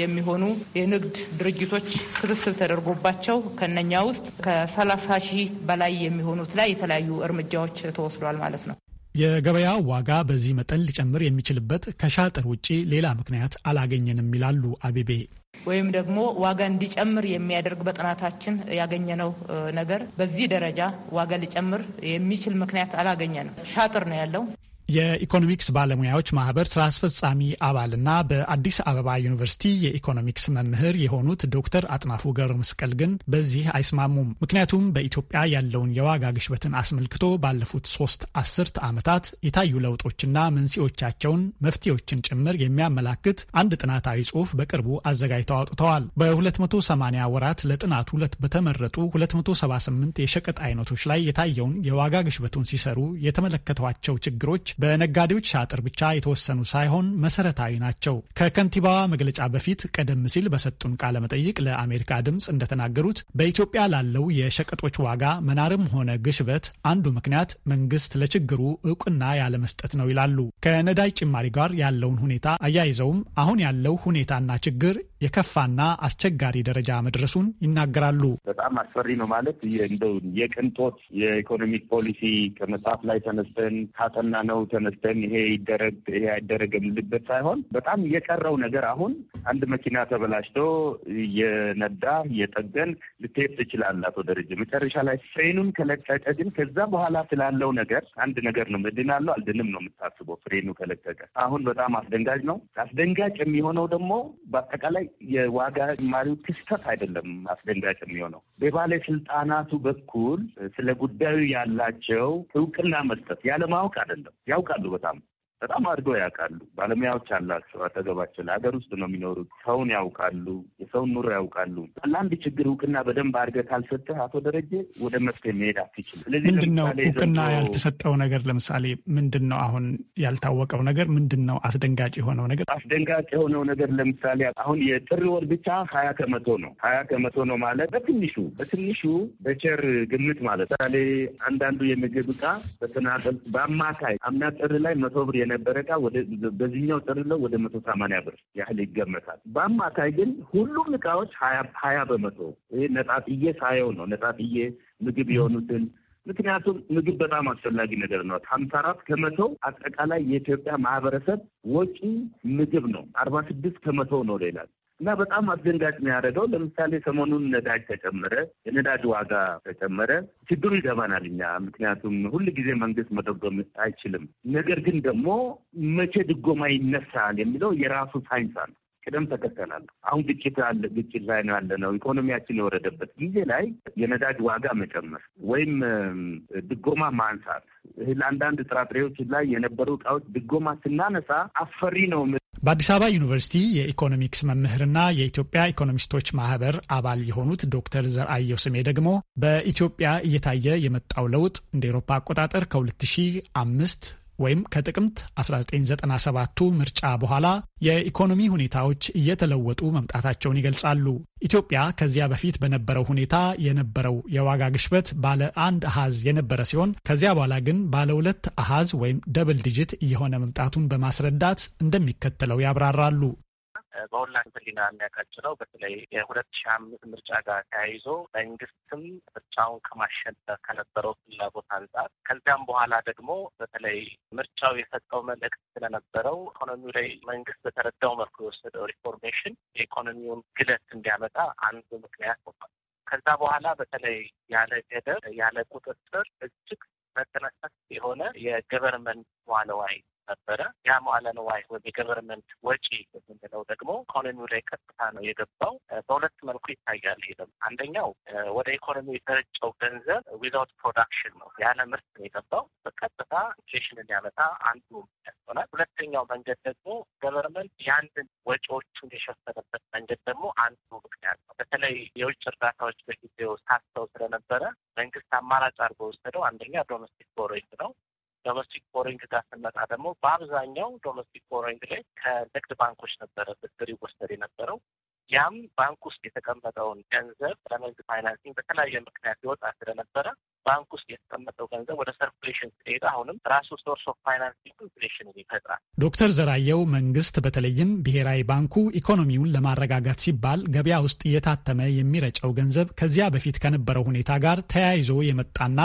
የሚሆኑ የንግድ ድርጅቶች ክትትል ተደርጎባቸው ከነኛ ውስጥ ከ30 ሺህ በላይ የሚሆኑት ላይ የተለያዩ እርምጃዎች ተወስዷል ማለት ነው። የገበያው ዋጋ በዚህ መጠን ሊጨምር የሚችልበት ከሻጥር ውጪ ሌላ ምክንያት አላገኘንም ይላሉ አቤቤ። ወይም ደግሞ ዋጋ እንዲጨምር የሚያደርግ በጥናታችን ያገኘነው ነገር በዚህ ደረጃ ዋጋ ሊጨምር የሚችል ምክንያት አላገኘንም። ሻጥር ነው ያለው። የኢኮኖሚክስ ባለሙያዎች ማህበር ስራ አስፈጻሚ አባልና በአዲስ አበባ ዩኒቨርሲቲ የኢኮኖሚክስ መምህር የሆኑት ዶክተር አጥናፉ ገብረ መስቀል ግን በዚህ አይስማሙም። ምክንያቱም በኢትዮጵያ ያለውን የዋጋ ግሽበትን አስመልክቶ ባለፉት ሶስት አስርት ዓመታት የታዩ ለውጦችና መንስኤዎቻቸውን መፍትሄዎችን ጭምር የሚያመላክት አንድ ጥናታዊ ጽሑፍ በቅርቡ አዘጋጅተው አውጥተዋል። በ280 ወራት ለጥናቱ በተመረጡ 278 የሸቀጥ አይነቶች ላይ የታየውን የዋጋ ግሽበቱን ሲሰሩ የተመለከቷቸው ችግሮች በነጋዴዎች አጥር ብቻ የተወሰኑ ሳይሆን መሰረታዊ ናቸው። ከከንቲባዋ መግለጫ በፊት ቀደም ሲል በሰጡን ቃለ መጠይቅ ለአሜሪካ ድምፅ እንደተናገሩት በኢትዮጵያ ላለው የሸቀጦች ዋጋ መናርም ሆነ ግሽበት አንዱ ምክንያት መንግስት ለችግሩ እውቅና ያለመስጠት ነው ይላሉ። ከነዳጅ ጭማሪ ጋር ያለውን ሁኔታ አያይዘውም አሁን ያለው ሁኔታና ችግር የከፋና አስቸጋሪ ደረጃ መድረሱን ይናገራሉ። በጣም አስፈሪ ነው ማለት እንደው የቅንጦት የኢኮኖሚክ ፖሊሲ ከመጽሐፍ ላይ ተነስተን ካጠና ነው ተነስተን ይሄ ይደረግ ይሄ አይደረግ የምልበት ሳይሆን በጣም የቀረው ነገር አሁን አንድ መኪና ተበላሽቶ የነዳ የጠገን ልትሄድ ትችላለህ አቶ ደረጀ። መጨረሻ ላይ ፍሬኑን ከለቀቀ ግን ከዛ በኋላ ስላለው ነገር አንድ ነገር ነው። እድናለሁ አልድንም ነው የምታስበው ፍሬኑ ከለቀቀ። አሁን በጣም አስደንጋጭ ነው። አስደንጋጭ የሚሆነው ደግሞ በአጠቃላይ የዋጋ ጭማሪው ክስተት አይደለም አስደንጋጭ የሚሆነው በባለስልጣናቱ በኩል ስለ ጉዳዩ ያላቸው እውቅና መስጠት ያለማወቅ አይደለም። ያውቃሉ በጣም በጣም አድገው ያውቃሉ። ባለሙያዎች አላቸው አጠገባቸው ላይ ሀገር ውስጥ ነው የሚኖሩት። ሰውን ያውቃሉ፣ የሰውን ኑሮ ያውቃሉ። ለአንድ ችግር እውቅና በደንብ አድርገህ ካልሰጠህ አቶ ደረጀ ወደ መፍትሄ መሄድ አትችልም። ስለዚህ ምንድን ነው እውቅና ያልተሰጠው ነገር? ለምሳሌ ምንድን ነው አሁን ያልታወቀው ነገር ምንድን ነው? አስደንጋጭ የሆነው ነገር አስደንጋጭ የሆነው ነገር ለምሳሌ አሁን የጥር ወር ብቻ ሀያ ከመቶ ነው። ሀያ ከመቶ ነው ማለት በትንሹ በትንሹ በቸር ግምት ማለት ለምሳሌ አንዳንዱ የምግብ እቃ በተናጠል በአማካይ አምና ጥር ላይ መቶ ብር የነ የነበረ እቃ በዚህኛው ጥርለው ወደ መቶ ሰማንያ ብር ያህል ይገመታል። በአማካይ ግን ሁሉም እቃዎች ሀያ በመቶ ይህ ነጣጥዬ ሳየው ነው ነጣጥዬ ምግብ የሆኑትን ምክንያቱም ምግብ በጣም አስፈላጊ ነገር ነው። ሀምሳ አራት ከመቶ አጠቃላይ የኢትዮጵያ ማህበረሰብ ወጪ ምግብ ነው። አርባ ስድስት ከመቶ ነው ሌላል እና በጣም አስደንጋጭ ያደረገው ለምሳሌ ሰሞኑን ነዳጅ ተጨመረ፣ የነዳጅ ዋጋ ተጨመረ። ችግሩ ይገባናል እኛ ምክንያቱም ሁል ጊዜ መንግስት መደጎም አይችልም። ነገር ግን ደግሞ መቼ ድጎማ ይነሳል የሚለው የራሱ ሳይንስ አለ። ቅደም ተከተላል። አሁን ግጭት አለ ግጭት ላይ ነው ያለ ነው። ኢኮኖሚያችን የወረደበት ጊዜ ላይ የነዳጅ ዋጋ መጨመር ወይም ድጎማ ማንሳት ለአንዳንድ ጥራጥሬዎች ላይ የነበሩ እቃዎች ድጎማ ስናነሳ አፈሪ ነው በአዲስ አበባ ዩኒቨርሲቲ የኢኮኖሚክስ መምህርና የኢትዮጵያ ኢኮኖሚስቶች ማህበር አባል የሆኑት ዶክተር ዘርአየሁ ስሜ ደግሞ በኢትዮጵያ እየታየ የመጣው ለውጥ እንደ ኤሮፓ አቆጣጠር ከ2005 ወይም ከጥቅምት 1997ቱ ምርጫ በኋላ የኢኮኖሚ ሁኔታዎች እየተለወጡ መምጣታቸውን ይገልጻሉ። ኢትዮጵያ ከዚያ በፊት በነበረው ሁኔታ የነበረው የዋጋ ግሽበት ባለ አንድ አሃዝ የነበረ ሲሆን ከዚያ በኋላ ግን ባለ ሁለት አሃዝ ወይም ደብል ዲጂት እየሆነ መምጣቱን በማስረዳት እንደሚከተለው ያብራራሉ። በሁላችን ሕሊና የሚያቃጭለው በተለይ የሁለት ሺህ አምስት ምርጫ ጋር ተያይዞ መንግስትም ምርጫውን ከማሸነፍ ከነበረው ፍላጎት አንጻር ከዚያም በኋላ ደግሞ በተለይ ምርጫው የሰጠው መልእክት ስለነበረው ኢኮኖሚው ላይ መንግስት በተረዳው መልኩ የወሰደው ሪፎርሜሽን የኢኮኖሚውን ግለት እንዲያመጣ አንዱ ምክንያት ሆኗል። ከዛ በኋላ በተለይ ያለ ገደብ ያለ ቁጥጥር እጅግ መጠነሰት የሆነ የገቨርንመንት ዋለዋይ ነበረ። ያ መዋለ ንዋይ ወይም የገቨርንመንት ወጪ የምንለው ደግሞ ኢኮኖሚው ላይ ቀጥታ ነው የገባው። በሁለት መልኩ ይታያል። ይሄም አንደኛው ወደ ኢኮኖሚ የተረጨው ገንዘብ ዊዛውት ፕሮዳክሽን ነው፣ ያለ ምርት ነው የገባው። በቀጥታ ኢንፍሌሽንን ያመጣ አንዱ ሆናል። ሁለተኛው መንገድ ደግሞ ገቨርንመንት ያንን ወጪዎቹን የሸፈነበት መንገድ ደግሞ አንዱ ምክንያት ነው። በተለይ የውጭ እርዳታዎች በጊዜው ሳስተው ስለነበረ መንግስት አማራጭ አድርጎ ወሰደው አንደኛ ዶሜስቲክ ቦሮይንግ ነው። ዶሜስቲክ ቦሪንግ ጋር ስንመጣ ደግሞ በአብዛኛው ዶሜስቲክ ቦሪንግ ላይ ከንግድ ባንኮች ነበረ ብድር ይወሰድ የነበረው። ያም ባንክ ውስጥ የተቀመጠውን ገንዘብ ለንግድ ፋይናንሲንግ በተለያየ ምክንያት ይወጣ ስለነበረ ባንክ ውስጥ የተቀመጠው ገንዘብ ወደ ሰርኩሌሽን ሲሄድ አሁንም ራሱ ሶርስ ኦፍ ፋይናንስ ኢንፍሌሽን ይፈጥራል። ዶክተር ዘራየው መንግስት በተለይም ብሔራዊ ባንኩ ኢኮኖሚውን ለማረጋጋት ሲባል ገበያ ውስጥ እየታተመ የሚረጨው ገንዘብ ከዚያ በፊት ከነበረው ሁኔታ ጋር ተያይዞ የመጣና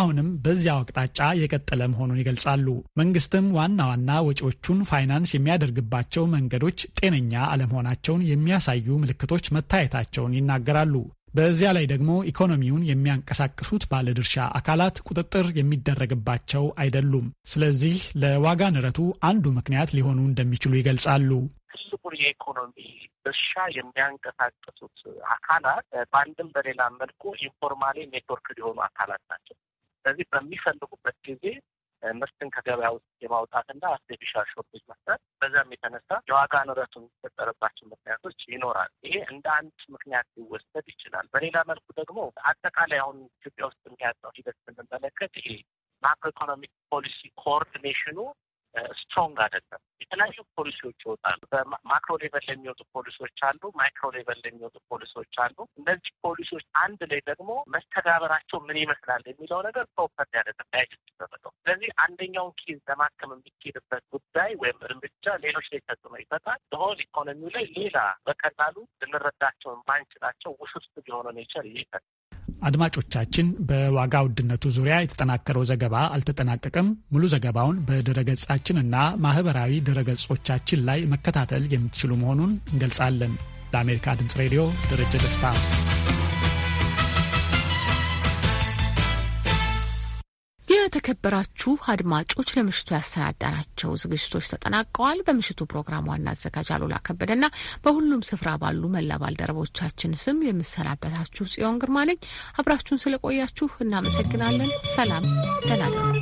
አሁንም በዚያው አቅጣጫ የቀጠለ መሆኑን ይገልጻሉ። መንግስትም ዋና ዋና ወጪዎቹን ፋይናንስ የሚያደርግባቸው መንገዶች ጤነኛ አለመሆናቸውን የሚያሳዩ ምልክቶች መታየታቸውን ይናገራሉ። በዚያ ላይ ደግሞ ኢኮኖሚውን የሚያንቀሳቅሱት ባለድርሻ አካላት ቁጥጥር የሚደረግባቸው አይደሉም። ስለዚህ ለዋጋ ንረቱ አንዱ ምክንያት ሊሆኑ እንደሚችሉ ይገልጻሉ። ትልቁን የኢኮኖሚ ድርሻ የሚያንቀሳቅሱት አካላት በአንድም በሌላ መልኩ ኢንፎርማሌ ኔትወርክ ሊሆኑ አካላት ናቸው። ስለዚህ በሚፈልጉበት ጊዜ ምርትን ከገበያ ውስጥ የማውጣትና አርቲፊሻል ሾርቶች መፍጠር፣ በዛም የተነሳ የዋጋ ንረቱ የሚፈጠርባቸው ምክንያቶች ይኖራል። ይሄ እንደ አንድ ምክንያት ሊወሰድ ይችላል። በሌላ መልኩ ደግሞ አጠቃላይ አሁን ኢትዮጵያ ውስጥ የሚያጠው ሂደት ስንመለከት ይሄ ማክሮ ኢኮኖሚክ ፖሊሲ ኮኦርዲኔሽኑ ስትሮንግ አይደለም። የተለያዩ ፖሊሲዎች ይወጣሉ። በማክሮ ሌቨል የሚወጡ ፖሊሲዎች አሉ፣ ማይክሮ ሌቨል የሚወጡ ፖሊሲዎች አሉ። እነዚህ ፖሊሲዎች አንድ ላይ ደግሞ መስተጋበራቸው ምን ይመስላል የሚለው ነገር ፕሮፐር ያደለም ዳይጀስት ይደረገው። ስለዚህ አንደኛውን ኬዝ ለማከም የሚኬድበት ጉዳይ ወይም እርምጃ ሌሎች ላይ ተጽዕኖ ይፈጣል። በሆል ኢኮኖሚው ላይ ሌላ በቀላሉ ልንረዳቸው ማንችላቸው ውስብስብ የሆነ ኔቸር ይፈል አድማጮቻችን፣ በዋጋ ውድነቱ ዙሪያ የተጠናከረው ዘገባ አልተጠናቀቀም። ሙሉ ዘገባውን በድረገጻችን እና ማህበራዊ ድረገጾቻችን ላይ መከታተል የምትችሉ መሆኑን እንገልጻለን። ለአሜሪካ ድምፅ ሬዲዮ ደረጀ ደስታ የተከበራችሁ አድማጮች ለምሽቱ ያሰናዳናቸው ዝግጅቶች ተጠናቀዋል። በምሽቱ ፕሮግራም ዋና አዘጋጅ አሉላ ከበደና በሁሉም ስፍራ ባሉ መላ ባልደረቦቻችን ስም የምሰናበታችሁ ጽዮን ግርማ ነኝ። አብራችሁን ስለቆያችሁ እናመሰግናለን። ሰላም፣ ደህና እደሩ።